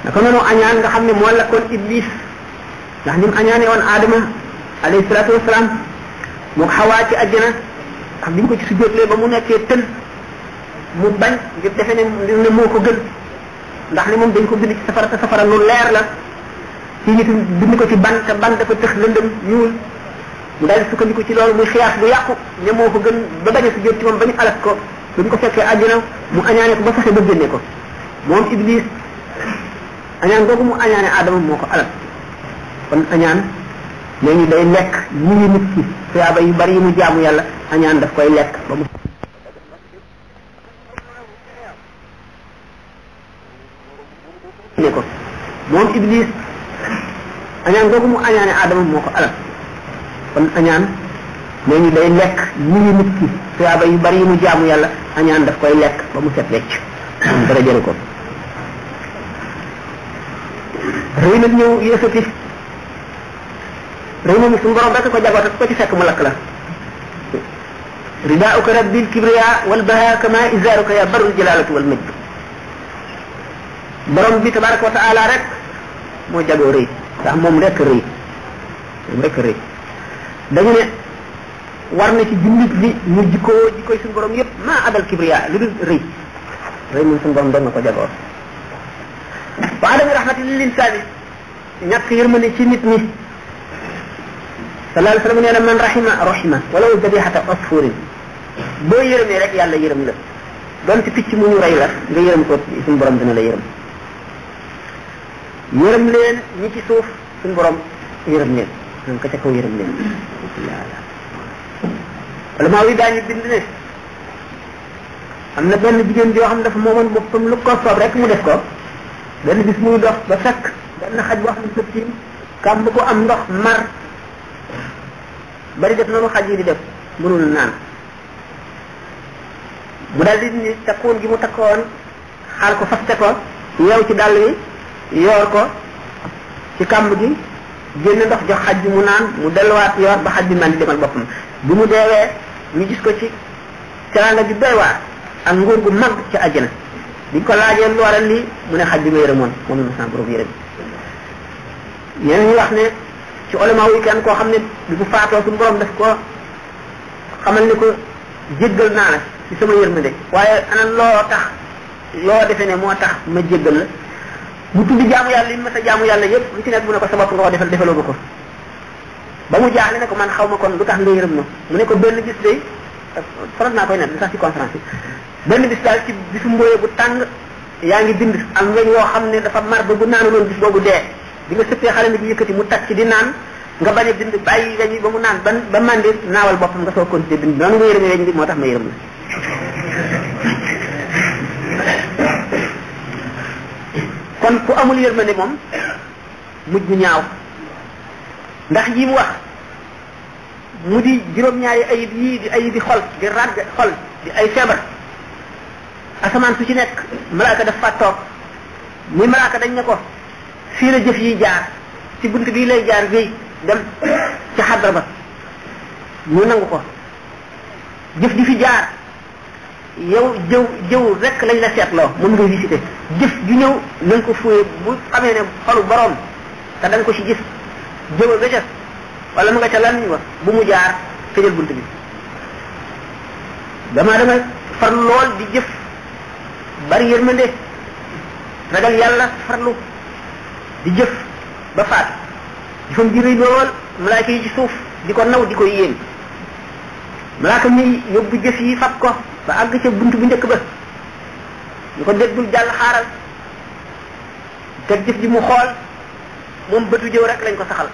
naka noonu añaan nga xam ne moo lakkoon iblis ndax ni mu añaane woon aadama alayhi salaatu wasalaam moo xawaa ci àjjana ndax bi ñu ko ci sujjóotlee ba mu nekkee tën mu bañ ngir defe ne ne moo ko gën ndax ne moom dañ ko bind ci safara te safara lu leer la ci nit bind ko ci ban te ban dafa tëx lëndëm ñuul mu daal di sukkandiku ci loolu muy xiyaas bu yàqu ne moo ko gën ba bañ a si jot ci moom ba ñu alak ko duñ ko fekkee àddina mu añaane ko ba fexe ba génne ko moom iblis añaan googu mu añaane aadama moo ko alal kon añaan léegi day lekk yi nit ki tuyaaba yu bari yi mu jaamu yàlla añaan daf koy lekk ne ko moom iblis añaan googu mu añaane adam moo ko alal kon añaan nee ñu day lek ni ni nit ki tuyaaba yu bari mu jaamu yalla añaan daf koy lek ba mu set lecc dara jere ko reyna ñew yeesati reyna rëy sun borom ko jago ko ci fekk mu lak la ridaa'uka rabbil kibriya wal bahaa kama izaruka ya barul jalalati wal majd borom bi tabaraka wa taala rek mo jago reuy ndax mom rek reuy mom rek reuy dañu ne war na ci jullit bi ñu jikko jikko sun borom yépp ma adal kibriya lu dul reuy reuy mu sun borom doon ko jago wa adami rahmatu lil insani ñak yermane ci nit ñi sallallahu alayhi wasallam neena man rahima rahima walaw dabihata asfurin bo yërëmee rek yalla yërëm la doon ci picc mu ñu ray la nga yërëm ko sun borom dina la yërëm yërëm leen ñi ci suuf suñ borom yërëm leen ñoom ka ca kaw yërëm leen wala maa wi daañu bind ne am na benn jigéen joo xam dafa moomoon boppam lu ko soob rek mu def ko benn bis muy dox ba sakk benn xaj boo xam ne sëpp kam kàmb ko am ndox mar bari def na mu xaj yi di def mënul naan mu daal di ni takkoon gi mu takkoon xaar ko faste ko yow ci dàll wi yoor ko ci kàmb gi génn ndox jox xaj bi mu naan mu delluwaat yoor ba xaj bi man demal boppam bi mu deewee ñu gis ko ci teraanga ju doy waar ak nguur gu mag ci àjjana biñ ko laajee lu waral lii mu ne xaj bi ma yërëmoon moom la sama borom yërëm ñeneen ñu wax ne ci olama wu koo xam ne bi bu faatoo suñu borom daf ko xamal ni ko jéggal naa la ci sama yërmande waaye ana loo tax loo defe ne moo tax ma jéggal la mu tudd jaamu yàlla yi ma mës a jaamu yàlla yëpp lu ci nekk mu ne ko sa bopp nga ko defal defaloo ma ko ba mu jaaxle ne ko man xaw ma kon lu tax nga yërëm ma mu ne ko benn bis day faral naa koy net lu sax ci conférence yi benn bis daal ci bisu mbooye bu tàng yaa ngi dind am weñ woo xam ne dafa mar ba bu naanu loon bis boobu dee bi nga sëppee xale ni bi yëkkati mu tàcc di naan nga bañ a bind bàyyi weñ yi ba mu naan ba ba màndi naawal boppam nga soo kon bind noonu nga yërëmee weñ moo tax ma yërëm kon ku amul yermane mom mujj ñaaw ndax yi mu wax mu di juróom-ñaari ayib yii di di xol di rag xol di ay feebar asamaan su ci nekk malaaka daf fa toog muy malaaka dañ ne ko fii la jëf yi jaar ci bunt bii lay jaar wéy dem ci xadra ba mu nangu ko jëf di fi jaar yow jëw jëw rek lañ la seetloo mun nga visité gis ju ñëw nañ ko fooyee bu xamee ne xolu borom te da ko ci gis jëmal nga ca wala mu nga ca lan wa bu mu jaar tëjal bunt bi damaa dama far lool di jëf ma yërmande ragal yàlla farlu di jëf ba faat jëfam ji rëy lool malaaka yi ci suuf di ko naw di ko yéem malaaka mi yóbbu jëf yi fab ko ba àgg ca bunt bu njëkk ba ñu ko déggul jàll xaaral gis ji mu xool moom bëtu jëw rek lañ ko saxal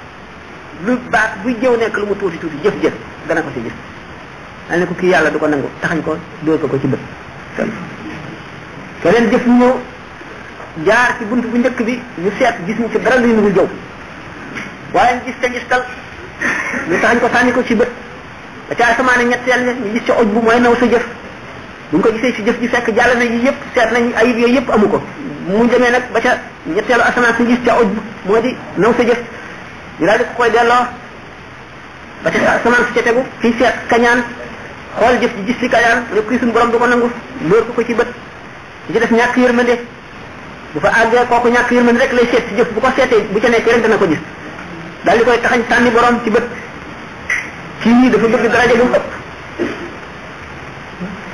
lu baax bu jëw nekk lu mu tuuti tuuti jëf jëf dana ko ci gis dal ne ko ki yàlla du ko nangu taxañ ko dóor ko ko ci bët keneen jëf ñu jaar ci buntu bu njëkk bi ñu seet gis ñu ci dara luy nuru jëw waaye gis te gis tal ñu taxañ ko sànni ko ci bët da ca asamaane ñetteel ne ñu gis ci oj bu mooy naw sa jëf buñ ko gisee ci jëf ji fekk jàll na yi yëpp seet nañ ayib yooyu yëpp amu ko mu demee nag ba ca ñetteelu asamaan suñ gis ca ojj moo di naw sa jëf ñu daal di ko koy delloo ba ca asamaan su ca tegu fii seet kañaan xool jëf ji gis ci kañaan ne kuy suñ borom du ko nangu lóor ko ko ci bët ci def ñàkk yërmande bu fa àggee kooku ñàkk yërmande rek lay seet ci jëf bu ko seetee bu ca nekk rek dana ko gis daal di koy taxañ sànni borom ci bët kii dafa bëgg daraja lu ëpp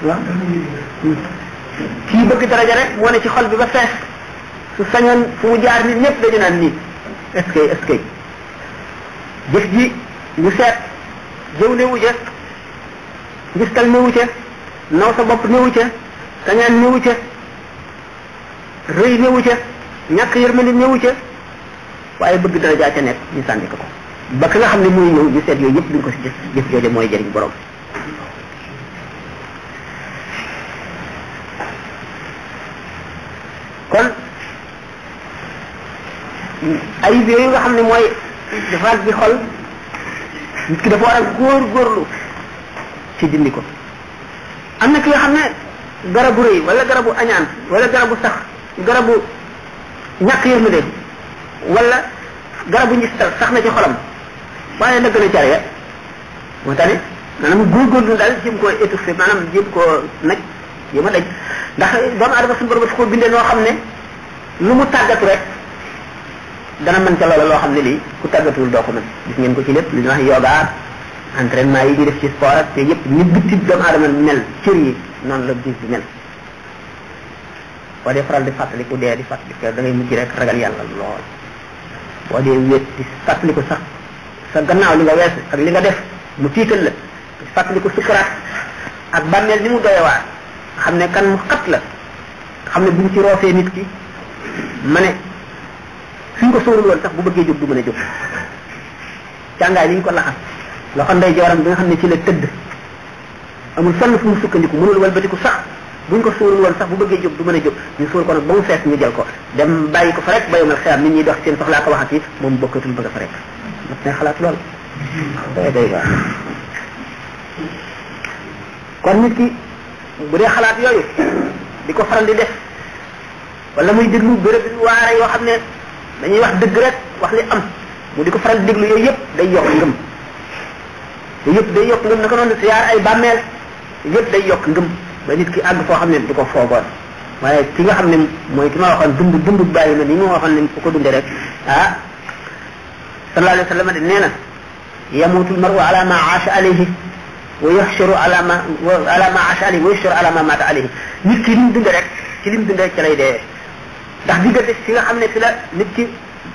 waaw kii bëgg daraja rek wane ci xol bi ba fees su sañoon fu mu jaar nit ñëpp dañu naan nii est-ce que est-ce que jëf ji ñu seet jëw newu ca ngistal newu ca naw sa bopp newu ca sañaan newu ca rëy newu ca ñàkk yërmande newu ca waaye bëgg daraja ca nekk ñu sànni ko ko ba ki nga xam ne muy ñëw ñu seet yooyu yëpp duñ ko si jëf jëf jooje mooy jëriñ borom kon ayib yooyu nga xam ne mooy dafa di xol nit ki dafa war a góor góorlu ci dindi ko am na ki nga xam ne garabu rëy wala garabu añaan walla wala garabu sax garabu ñàkk yërmande wala garabu njistal sax na ci xolam waaye nag gën a care moo tax ne maanaam góorgóorlu daal jëm koo étouffé maanaam jëm koo naj yi ma daj ndax doomu adama suñu borom ko bindee noo xam ne lu mu tàggatu rek dana mën ca loola loo xam ne lii ku tàggatuwul doo ko mën gis ngeen ko ci lépp li ñu wax yoga entraînement yi ñuy def ci sport ak te yépp ñu bitti doomu adama mel cër yi noonu la bis bi mel boo dee di fàttaliku dee di fàttaliku da ngay mujj rek ragal yàlla lool boo dee wéet di fàttaliku sax sa gannaaw li nga wees ak li nga def mu tiital la fàttaliku sukuraat ak bàmmeel ni mu doyewaat xam ne kan mu xat la xam ne bu ñu ci roofee nit ki ma ne suñ ko sóorul woon sax bu bëggee jóg du mën a jóg càngaay li ñu ko laxas loxo ndey jooram bi nga xam ne ci la tëdd amul fenn fu mu sukkandiku mënul walbatiku sax buñ ko sóorul woon sax bu bëggee jóg du mën a jóg ñu sóor ko nag ba mu fees ñu jël ko dem bàyyi ko fa rek ba yomal xeyam nit ñuy dox seen soxlaa ko waxat yi moom bokkatul bëgg fa rek mat na xalaat lool <laughs> day day waaw kon nit ki bu dee xalaat yooyu di ko faral di def wala muy déglu béréb waare yoo xam ne dañuy wax dëgg rek wax li am mu di ko faral di déglu yooyu yëpp day yokk ngëm yooyu yëpp day yokk ngëm naka noonu siyaar ay bàmmeel yëpp day yokk ngëm ba nit ki àgg foo xam ne du ko foogoon waaye ki nga xam ne mooy ki ma waxoon dund dund bàyyi ma ni ma waxoon ne ku ko dundee rek ah sallallahu alayhi wa sallam de nee na yamutul maru ala ma aasha alayhi wa yuxsharu ala ma ala ma ash alayhi wa yuxsharu ala ma maata alayhi nit ki li mu dund li mu dund lay dee ndax diggante si nga xam ne fi la nit ki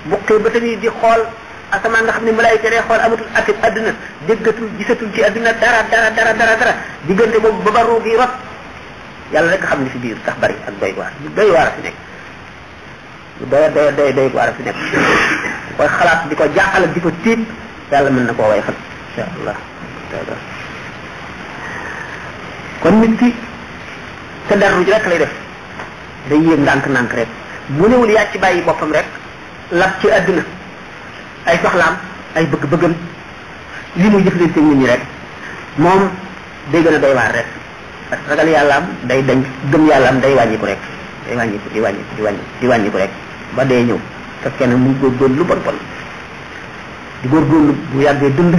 buqee ba tamit di xool asamaan nga xam ne malaayika day xool amatul ati adduna déggatul gisatul ci adduna dara dara dara dara dara diggante boobu ba ba ruug yi rot yàlla rek xam ne fi biir tax bari ak doy waar doy waar a fi nekk doy doy doy doy waar a fi di ko jaaxal di ko tiit yàlla mën na koo way fan kon nit ki ji rek lay def day yéeg dank nank rek bu newul yàcc ci bayyi bopam rek lab ci aduna ay soxlam ay bëgg-bëggam li mu muy jëflante nit ñi rek mom day gëna doy war rek parce que ragal yàllaam day dañ gëm yalla am day wañi ko rek day wañi ko di wañi di wañi di wañi ko rek ba dee ñew fekk kenn mu muy góorgóorlu lu bon bon di lu bu yagge dund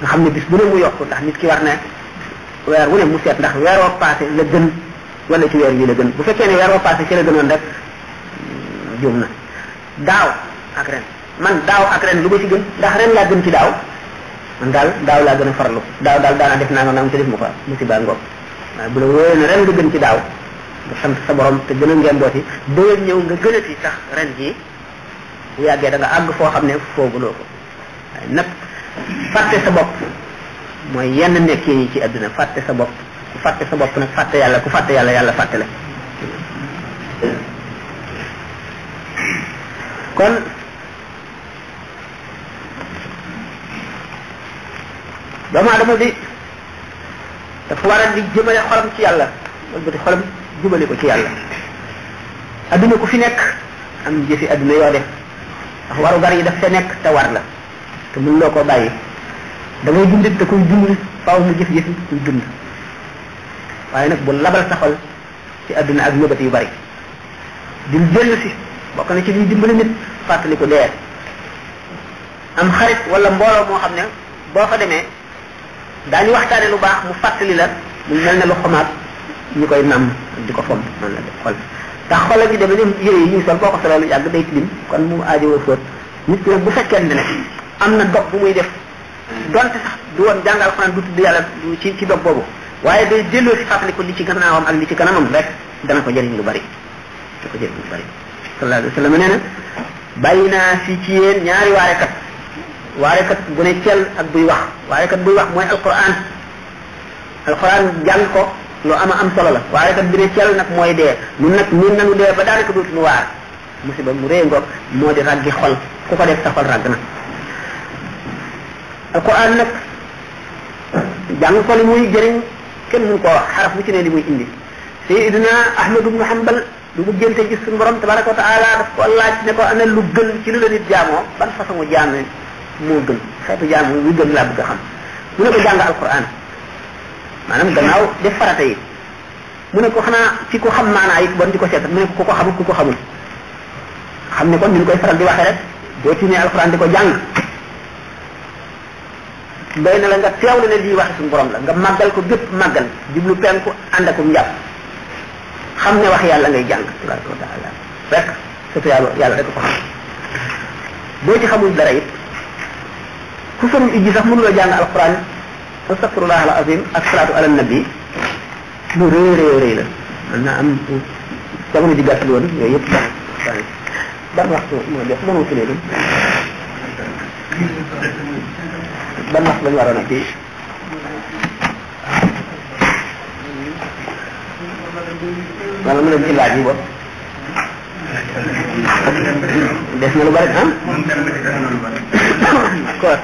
nga xam bis bu ne mu yokku tax nit ki war na weer wu ne mu seet ndax weer woo la gën wala ci weer yi la gën bu fekkee ne weer woo passé ci la gënoon rek mm, juum na daaw ak ren man daaw ak ren lu ko ci gën ndax ren laa gën ci daaw man daal daaw laa gën a farlu daaw daal daanaa def naa nga naam te def ma ko musiba ngoog waaye bu la wóoree ne ren nga gën ci daaw nga sant sa borom te gën a ngeen booti déwén ñëw nga gën a ci sax ren jii bu yàggee da àgg foo xam ne fooguloo ko waaye nag sa bopp mooy yenn nekkee yi ci àdduna fàtte sa bopp ku fàtte sa bopp nag fàtte yàlla ku fàtte yàlla yàlla fàtte la kon doomu adama bi dafa war a di jëmale xolam ci yàlla wala bati xolam jubale ko ci yàlla adduna ku fi nekk am jëfi adduna yoo def ndax waru yi daf sa nekk te war la te mën loo koo bàyyi da ngay dundit te kuy dund faaw mu jëf jëfi kuy dund waaye nag bu labal saxal ci àdduna ak mëbët yu bari di jël si bokk na ci liy dimbali nit fàttali ko dee am xarit wala mbooloo moo xam ne boo fa demee daañu waxtaane lu baax mu fàttali la mu mel ne lu xomaat ñu koy nàmm di ko fomp man la xol ndax xoolal a dama dem yére yi ñuy sol boo ko solo lu yàgg day tilim kon mu aajowoo fóot nit ki nag bu fekkente ne am na dog bu muy def donte sax du woon jàng alxuraan du tudd yàlla ci ci dog boobu waaye day delloo si fàttaliku li ci gannaawam ak li ci kanamam rek dana ko jëriñ lu bari dana ko jëriñ lu bari sallallahu alayhi wa sallam nee na bàyyi naa fi ci yéen ñaari waarekat waarekat bu ne cel ak buy wax waarekat buy wax mooy alquran alquran jàng ko lu ama am solo la waaye waarekat bi ne cel nag mooy dee mu nag nun nanu dee ba daanaka dootuñu waar musiba mu réy ngoog moo di raggi xol ku ko def sa xol ragg na alquran nag jàng ko li muy jëriñ kenn mun ko wax xaraf ci ne li muy indi sayidina ahmad ibnu hanbal lu mu génte gis suñu borom tabaraka wa taala daf ko laaj ne ko ana lu gën ci lu la nit jaamoo ban façon jaam moo gën xeetu jaam wi gën laa bëgg xam mu ne ko jàng alquran maanaam gannaaw def farata yi mu ne ko xanaa ci ko xam maanaa yi bon di ko seetal mu ne ko ku ko ku ko xamul xam ne kon ñu koy faral di waxee rek doo ci ne alquran ko jàng doy la nga teewlu ne li wax suñu borom la nga magal ko gep magal djiblu penku ya, akum njàpp xam ne wax yalla ngay jang tabaraka wa taala rek surtout yàlla yalla rek ko xam bo ci xamul dara yit ku sorul ijji sax la jang alquran astaghfirullah al azim ak salatu ala nabi lu re re re la na am ko jamono ni ya, won yooyu yep ba waxtu mo def mënu ci leen ban wax lañu warona ci wala mu ne ci laaj bo bopp def na lu bari han d'accord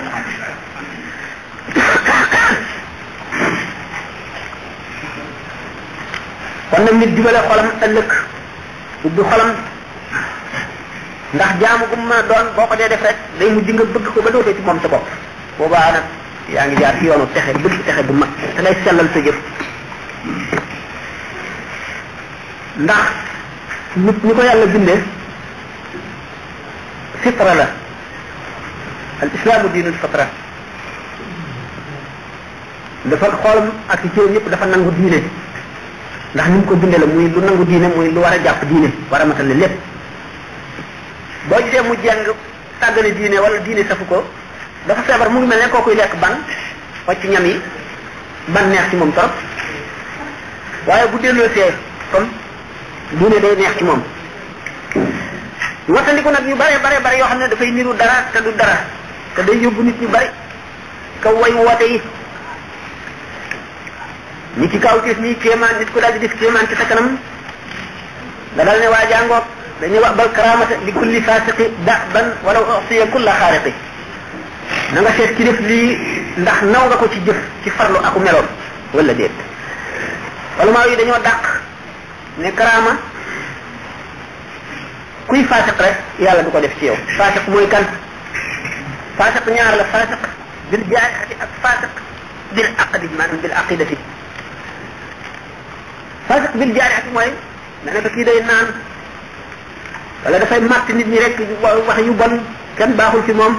kon nag nit dibale xolam ëlëk du xolam ndax jaamu gum ma doon boko ko def rek day mu nga bëgg ko ba doote ci mom ta bopp boobaa yaa ngi jaar ci yoonu texe bu texe bu mag da ngay sellal sa jëf ndax nit ñi ko yàlla bindee fitra la al islamu diinul fitra dafa xoolam ak cëram yëpp dafa nangu diine ndax ni mu ko bindee la muy lu nangu diine muy lu war a jàpp diine war a matale lépp boo gisee mu jeng tàggale diine wala diine safu ko dafa feebar mu ngi mel ne kookuy lekk ban wàcc ñam yi ban neex ci mom torop waye bu delo delloosee kon du ne day neex ci moom watandiku nak yu bare bare bare yo xamne da fay niru dara te du dara te day yobbu nit ñu bare ka way wote yi ni ci kaw ci ni kéemaan nit ko dal di gis kéemaan ci takanam da dal ne wa jangok dañu wax bal karamata li kulli fasiqi da'ban ban walaw usiya kulla khariqi na nga seet ci def lii ndax naw nga ko ci jëf ci farlu aku meloon wala déet wala yi dañoo dàq ne karaama kuy faasiq rek yàlla du ko def ci yow faasiq mooy kan faasiq ñaar la faasiq bil jaarixati ak faasiq bil aqdi maanaam bil aqidati faasiq bil jaarixati mooy na ne kii day naan wala dafay màtt nit ñi rek wax yu bon kenn baaxul ci moom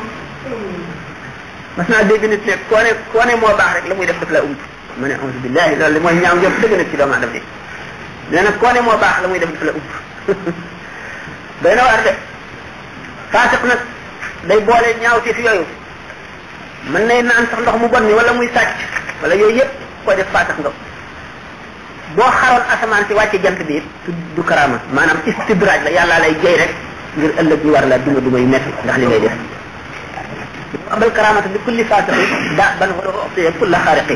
mas naa dégg nit ne koo ne koo ne moo baax rek la muy def daf la ump ma ne auzu billahi loolu mooy ñaaw njort dëgg nag ci doomu aadama bi nee na koo ne moo baax la muy def daf la ump day na waar de faasiq nag day boole ñaaw ci fi yooyu mën nay naan sax ndox mu bon ni wala muy sàcc wala yooyu yëpp koo def faasiq nga boo xaroon asamaan si wàcce jant bi du karaama maanaam istidraaj la yàllaa lay jey rek ngir ëllëg ñu war la duma duma yu metti ndax li ngay def abal karaamata li kulli faasiqi daa ban wala oxtiye kulla xaariqi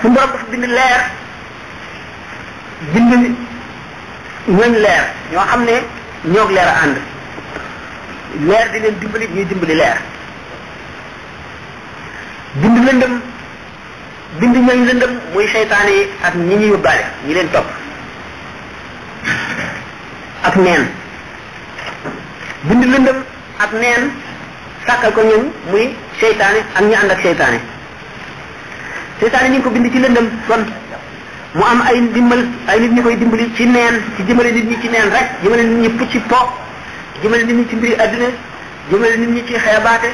suñu borom dafa bind leer bind ñooñ leer ñoo xam ne ñoog leer a ànd leer di leen dimbali ñuy dimbali leer bind lëndëm bind ñooñ lëndëm muy seytaane yi ak ñi ñu yóbbaale ñi leen topp ak neen bind lëndëm ak neen sàkkal ko ñoom muy seytaane ak ñu ànd ak seytaane seytaane ko bind ci lëndëm kon mu am ay dimbal ay nit ñu koy dimbali ci neen ci jëmale nit ñi ci neen rek jëmale nit ñi pucci po jëmale nit ñi ci mbiri àddina jëmale nit ñi ci xeebaate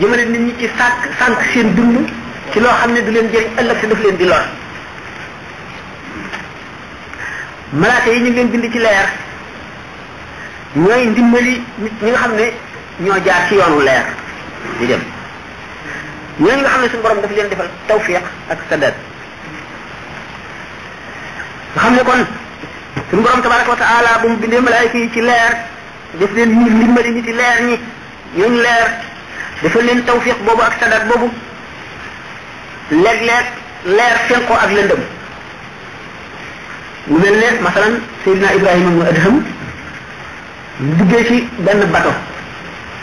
jëmale nit seen dund ci loo xam ne du leen jëriñ ëllëg si daf leen di lor malaaka yi ñu ngi leen bind ci leer ñooy ndimbali nit nga xam ne ñoo jaar ci yoonu leer di dem ñooñu nga xam ne suñu borom daf leen defal tawfiq ak sadat nga xam ne kon suñu borom tabaraka wa taala bu mu bindee malaayka yi ci leer def leen ñu limbali ñi ci leer ñi ñooñu leer dafa leen tawfiq boobu ak sadat boobu léeg-léeg leer fenkoo ak lëndëm mu mel ne masalan sayidina ibrahima mu adham duggee ci benn bato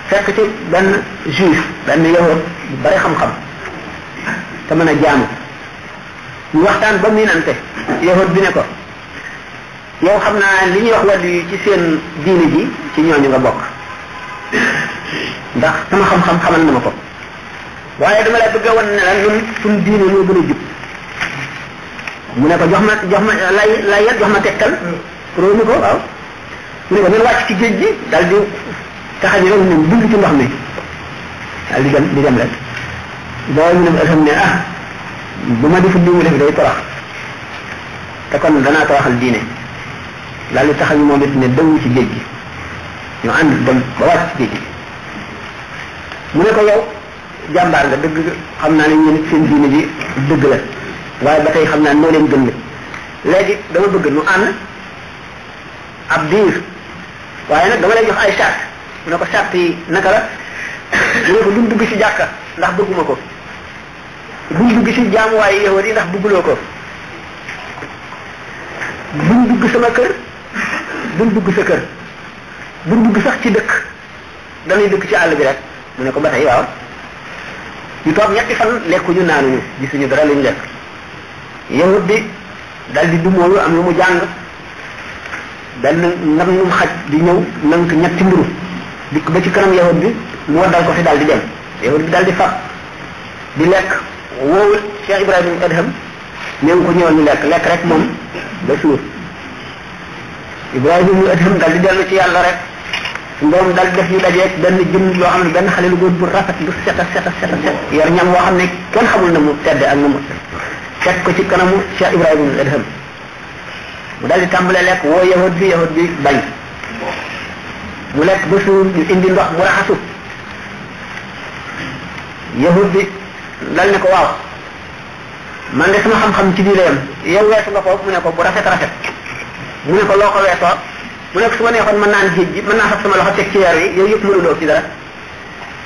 fekk ci benn juif benn yahud bu bari xam-xam te a jaamu ñu waxtaan ba miinante yahud bi ne ko yow xam naa li ñuy wax wàllu ci seen diini ji ci ñooñu nga bokk ndax sama xam-xam xamal na ma ko waaye dama la ñun suñ diine ñoo gën a jub mu ne ko jox ma jox ma lay ma tegtal. Mm. ko waaw mu ne ko ngeen wàcc ci géej gi daal di. تخلي لهم من بلد مخمي اللي جملة دائما من أسمي أه بما دي في الدين لفي طرح تكون دنا طرح الدين لا لتخلي مومت من الدو في جيجي يعني بل بواس في جيجي من يقول يو جامبار دبق خمنا نعم لن ينك سين دين دي دبق لك وهي بكي خمنا نعم نولين دنك لكي دبق نو نعم. أنا عبدير وهي نك دبق لك أي شاك mu ne ko sart yi naka la mu ne ko duñ dugg ci jàkka ndax bëgguma ko buñ dugg ci jaamuwaay yowat yi ndax bëgguloo ko buñ dugg sama kër buñ dugg sa sax ci dëkk dañuy dëkk ci àll bi rek mu ne ko ba tey waaw ñu toog ñetti fan lekkuñu naanuñu gisuñu dara luñ lekk yowat bi dal di dumoolu am lu mu jàng dal na ngam num xaj di ñëw nank ñetti mburu dikk ba ci kanam yahud bi mu waddal ko fi daal di dem yahud bi daal di fab di lekk woowut Cheikh Ibrahim Adham ñoo ngi ko ñëwal ñu lekk lekk rek moom ba suur Ibrahim Adham daal di dellu ci yàlla rek suñu borom daal di def ñu dajeeg benn jëm loo xam ne benn xale lu bu rafet bu set a set a set a ñam woo xam ne kenn xamul na mu tedd ak na mu teg ko ci kanamu Cheikh Ibrahim Adham mu daal di tàmbalee lekk woo yahud bi yahud bi bañ mu lekk ba suur ñu indi ndox mu raxasu yahud bi dal ne ko waaw man de sama xam-xam ci biir yam yow weesu nga ko mu ne ko bu rafet rafet mu ne ko loo ko weesoo mu ne ko su ma neexoon mën naan géej gi mën naa fab sama loxo teg ci weer wi yooyu yëpp mënuloo ci dara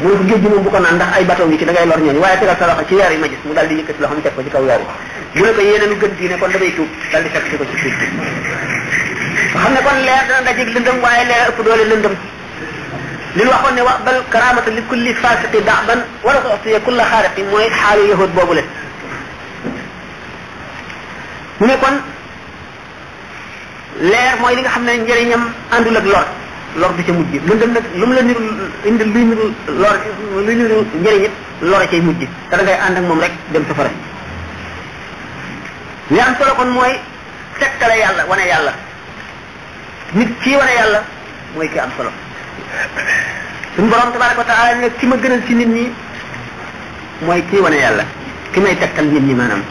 mu ne ko géej gi moom bu ko naan ndax ay bateau ngi ci da lor ñooñu waaye tegal sa loxo ci weer yi ma gis mu daal di yëkkati loxo mu teg ko ci kaw weer mu ne ko yéen a lu gën diine kon damay tuub daal xamne kon leer dana dajeg lendum waye leer ëpp doole lendum li ñu waxoon ne wa bal karamatu li kulli fasiqi da'ban wa la tu'ti kulla xaariqi moy xaalu yahud bobu le mu ne kon leer moy li nga xamne ñeriñam andul ak lor lor du ca mujj lendum nak lum la nirul indi luy niru lor luy niru ñeriñ lor ci mujj da nga and ak mom rek dem safara li am solo kon moy tekkale yalla wone yalla nit kii wane yàlla mooy ki am solo suñu borom tabaraka wa taala ne ki ma gënal ci nit ñi mooy kii wane yàlla ki may tegtal nit ñi maanaam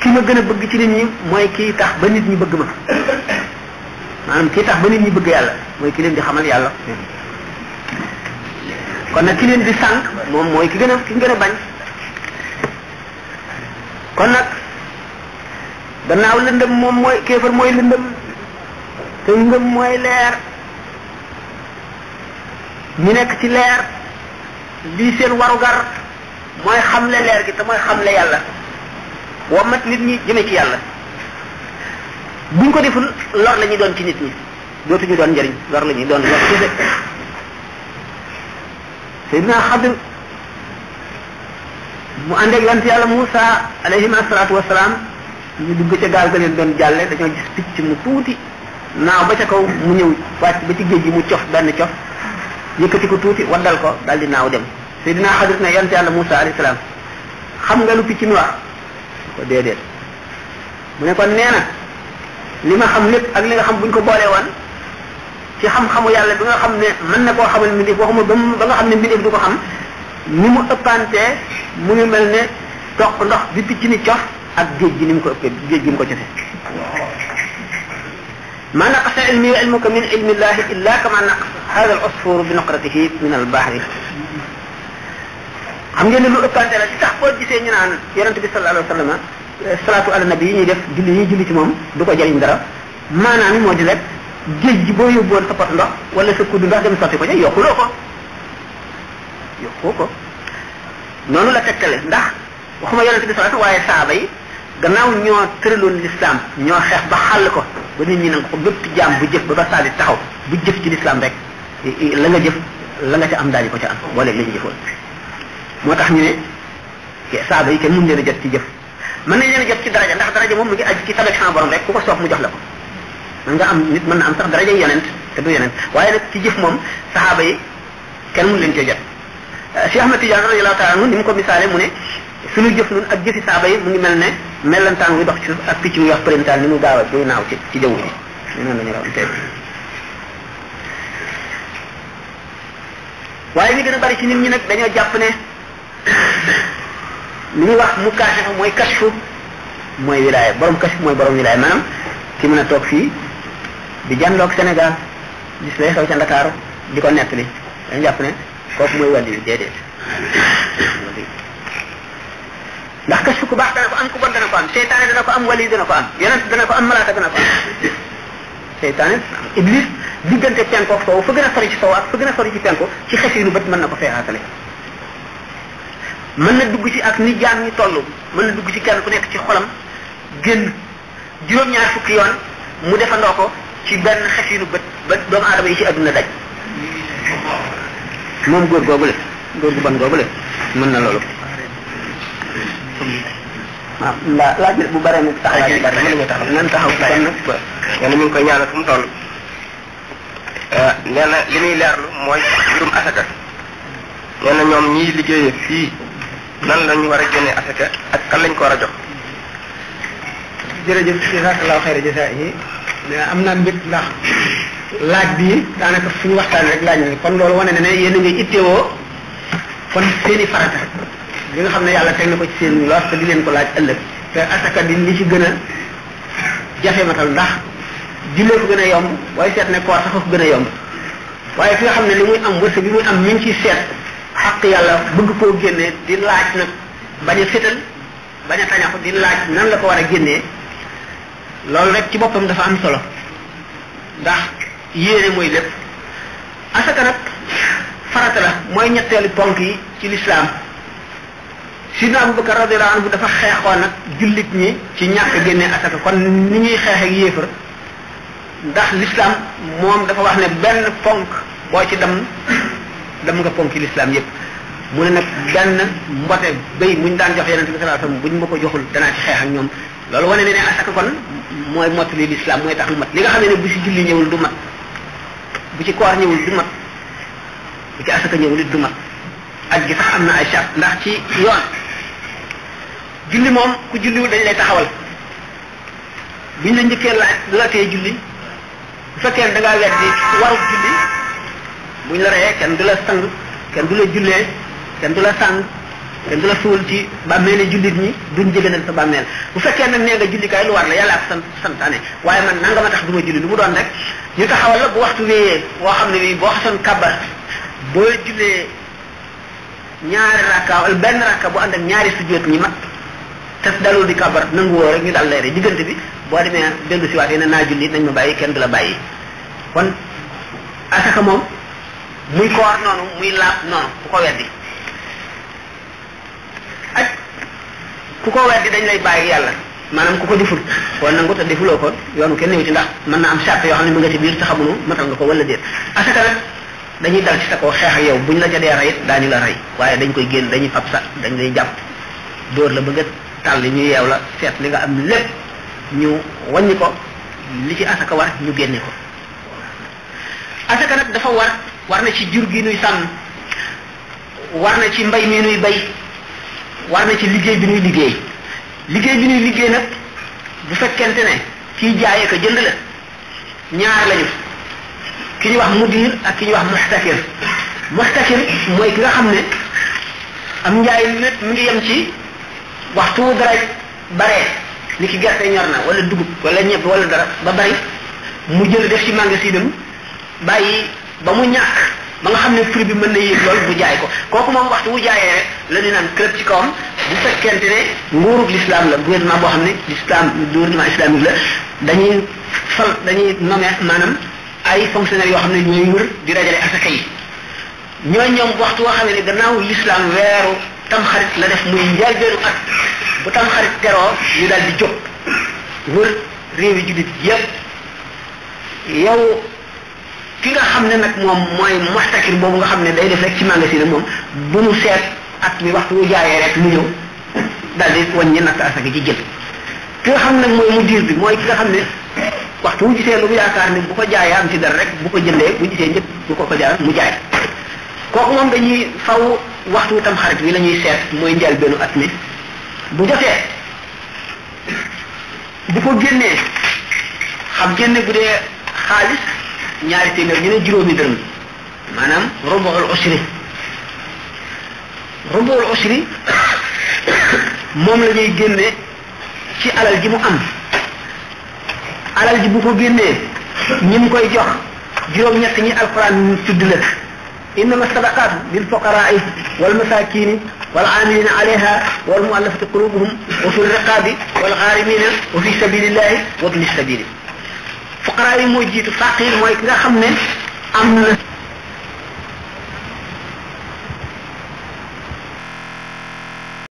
ki ma gën a bëgg ci nit ñi mooy kii tax ba nit ñi bëgg ma maanaam kii tax ba nit ñi bëgg yàlla mooy ki leen di xamal yàlla kon nag ki leen di sànq moom mooy ki gën a ki gën a bañ kon nag gannaaw lëndëm moom mooy kéefar mooy lëndëm tey ngëm mooy leer ñi nekk ci leer lii seen warugar mooy xamle leer gi te mooy xamle yàlla wamat nit ñi jëme ci yàlla buñ ko defu lor la ñuy doon ci nit ñi dootuñu doon njëriñ lor la ñuy doon lor kese Seydina Xadir mu ànd ak yonent yàlla Muusa alayhim asalaatu wasalaam ñu dugg ca gaal ga leen doon jàlle dañoo gis picc mu tuuti naaw ba ca kaw mu ñëw wàcc ba ci géej gi mu cof benn cof yëkkati ko tuuti waddal ko dal di naaw dem sayidina xadir ne yant yàlla musa alayhi salaam xam nga lu picc mi wax ko déedéet mu ne kon nee na li ma xam lépp ak li nga xam buñ ko boolee woon ci xam-xamu yàlla bi nga xam ne mën na koo xamal mbindeef waxuma ba ba nga xam ne mbindeef du ko xam ni mu ëppantee mu ngi mel ne toq ndox bi picc ni cof ak géej gi ni mu ko ëppee géej gi mu ko cofe ma naqasa ilmi wa ilmuka min ilmi llahi illa kama naqasa hada al usfur bi noqratihi min al bahri xam ngeen ne lu ëppante la ci tax boo gisee ñu naan yonent bi sallallahu alayhi wa sallam salaatu ala nabi yi ñuy def julli ñuy julli ci moom du ko jëriñ dara maanaam yi moo di rek géej gi boo yóbbuwoon sa pot ndox wala sa kuddu ndox dem sotti ko ca yokkuloo ko yokkoo ko noonu la tegtale ndax waxuma yonent bi sallallahu waaye saaba yi gannaaw ñoo tëraloon l'islam ñoo xeex ba xàll ko ba nit ñi nang ko bépp jaam bu jëf ba ba saali taxaw bu jëf ci l'islam rek la nga jëf la nga ca am daal di ko ca am booleeg leen ñu jëfoon moo tax ñu ne saaba yi kenn mun leen a jot ci jëf mën nañ leen a jot ci daraja ndax daraja moom mu ngi aju ci tabe sama borom rek ku ko soob mu jox la ko mën nga am nit mën na am sax daraja yonent te du yonent waaye nag ci jëf moom sahaaba yi kenn mun leen cee jot cheikh ahmad tidiane radiallahu taala ni mu ko misaale mu ne suñu jëf nun ak jëfi saaba yi mu ngi mel ne mellantaan wuy dox ci ak picc muy wax përintaan ni mu gaaw a buy naaw ci ci jaww ñu noonu lañu rawante waaye ñu gën a bari ci nit ñi nag dañoo jàpp ne li ñuy wax mu kaashefa mooy kashfu mooy wilaaya borom kashfu mooy borom wilaaya maanaam ki mën a toog fii di jàndoog Sénégal gis lay xew ca Ndakaaru di ko nettali dañu jàpp ne kooku mooy wàllu déedéet ndax ka suku baax dana ko am ku bon dana ko am seytaane dana ko am wali dana ko am yonent dana ko am malaaka dana ko am seytaane iblis diggante penko ak soow fa gën a sori ci soow ak fa gën a sori ci penko ci xefinu bët mën na ko feexaatale mën na dugg ci ak ni jaan ñi toll mën na dugg ci kenn ku nekk ci xolam génn juróom-ñaar fukki yoon mu defandoo ko ci benn xefinu bët ba doomu aadama yi ci aduna daj moom góor googu la góor gu ban googu la mën na loolu maaf la laaj bu bare mu tax laaj bare mu tax nan taxaw kon nak yalla ñu koy ñaanal fu tollu euh neena li leerlu mooy jurum asaka neena ñi liggéey nan lañu asaka ak kan lañ ko war jox jërëjëf jazakallahu xayra jasaa yi am naa mbit ndax laaj bi daanaka suñu waxtaan rek laaj ni kon loolu wane na ne kon seeni farata li nga xam ne yàlla teg na ko ci seen lor te di leen ko laaj ëllëg te asaka di li ci gën a jafe matal ndax jullee ko gën a yomb waaye seet ne ko gën a waaye fi nga xam ne li muy am wërsëg bi muy am mi ngi ciy seet xaq yàlla bëgg koo génnee di laaj nag bañ a fétal bañ di laaj nan la ko war a génnee loolu rek ci boppam dafa am solo ndax yéene mooy lépp asaka nag farata la mooy ñetteelu ponk yi ci lislaam sidna Abubakar radiyallahu anhu dafa xeexoon nag jullit ñi ci ñàkk génne asaka kon ni ñuy xeex ak yéefar ndax l'islam moom dafa wax ne benn ponk boo ci dem dem nga ponk ci l'islam yépp mu ne nag benn mbote béy muñ daan jox yeneen bi sallallahu alayhi wasallam buñ ma ko joxul danaa ci xeex ak ñoom loolu wane ne ne asaka kon mooy mottali l'islam mooy tax lu mat li nga xam ne ne bu ci julli ñëwul du mat bu ci koor ñëwul du mat bu ci asaka ñëwul it du mat aj gi sax am na ay charte ndax ci yoon julli moom ku julliwul dañ lay taxawal buñ la njëkkee laaj lu la tee julli bu fekkee ne da ngaa weddi warut julli buñ la reyee kenn du la sang kenn du la jullee kenn du la sang kenn du la suul ci bàmmeeli jullit ñi duñ jëgënal sa bàmmeel bu fekkee nag nee nga julli kaay lu war la yàlla ak san santaane waaye man nanga ma tax du julli lu mu doon rek ñu taxawal la bu waxtu wéyee boo xam ne bii boo xasoon kàbbar boo jullee ñaari rakka wala benn rakka bu ànd ñaari sujjóot ñi mat te dalul di kabar nanguwoo rek ñu dal leere diggante bi boo demee dellu siwaat ne naa julli nañ ma bàyyi kenn du la bàyyi kon asaka moom muy koor noonu muy laab noonu ku ko weddi ak ku ko weddi dañ lay bàyyi yàlla maanaam ku ko deful wala nangu te defuloo ko yoonu kenn néew ndax mën na am charte yoo xam ne mu nga ci biir te xamunu matal nga ko wala déet asaka nag dañuy dal ci sa kaw xeex ak yow buñ la ca dé ray dañu la ray waye dañ koy genn dañuy fab sa dañ lay japp door la bëgg tàll ñu yew la seet li nga am lepp ñu wañi ko li ci asaka war ñu genné ko asaka nak dafa war war na ci jur gi ñuy sam war na ci mbay mi ñuy bay war na ci liggéey bi ñuy liggéey liggéey bi ñuy liggéey nak bu fekkenté né ci jaay ko jënd la ñaar lañu ki ñu wax mudir ak ki ñu wax muhtakir muhtakir moy ki nga xamne am njaay nit mu ngi yam ci waxtu dara bare ni ki gerte ñorna wala dugub wala ñepp wala dara ba bari mu jël def ci magasinam bayyi ba mu ñak ba nga xamne prix bi mën na yéeg lool jaay ko koku mom waxtu wu jaayé la ñu naan club ci kawam bu fekkente né nguru l'islam la gouvernement l'islam gouvernement islamique la dañuy fal dañuy nomé manam ay fonctionnaires yoo xam ne ñooy wër di dajale asaka yi ñooñ ñoom waxtu woo xam ne gannaaw lislaam weeru tamxarit la def muy njëlbeenu at bu tamxarit teroo ñu daal di jóg wër réew ki nga xam ne nag moom mooy mustakir boobu nga xam ne day def rek ci magasin moom bu mu seet at mi waxtu wu jaayee rek mu ñëw daal di wàññi natt asaka ci jël ki nga ne nag mooy mudir bi mooy ki nga xam ne waxtu wu gisee lu mu yaakaar ni bu ko jaayee am ci dara rek bu ko jëndee bu gisee ñëpp bu ko ko jaay mu jaay kooku moom dañuy faw waxtu tam xarit wi la ñuy seet mooy njal bennu at mi bu jotee bu ko génnee xam génne bu dee xaalis ñaari téeméer ñu ne juróomi dërëm maanaam al usri rombol usri <coughs> moom la ñuy génne ci alal gi mu am alal ji bu ko génnee ñi mu koy jox juróom ñett ñi alquran ñu tudd la إنما الصدقات للفقراء والمساكين والعاملين عليها والمؤلفة قلوبهم وفي الرقاب والغارمين وفي سبيل الله وابن السبيل فقراء موي جيتو فقير موي كيغا خامني امنا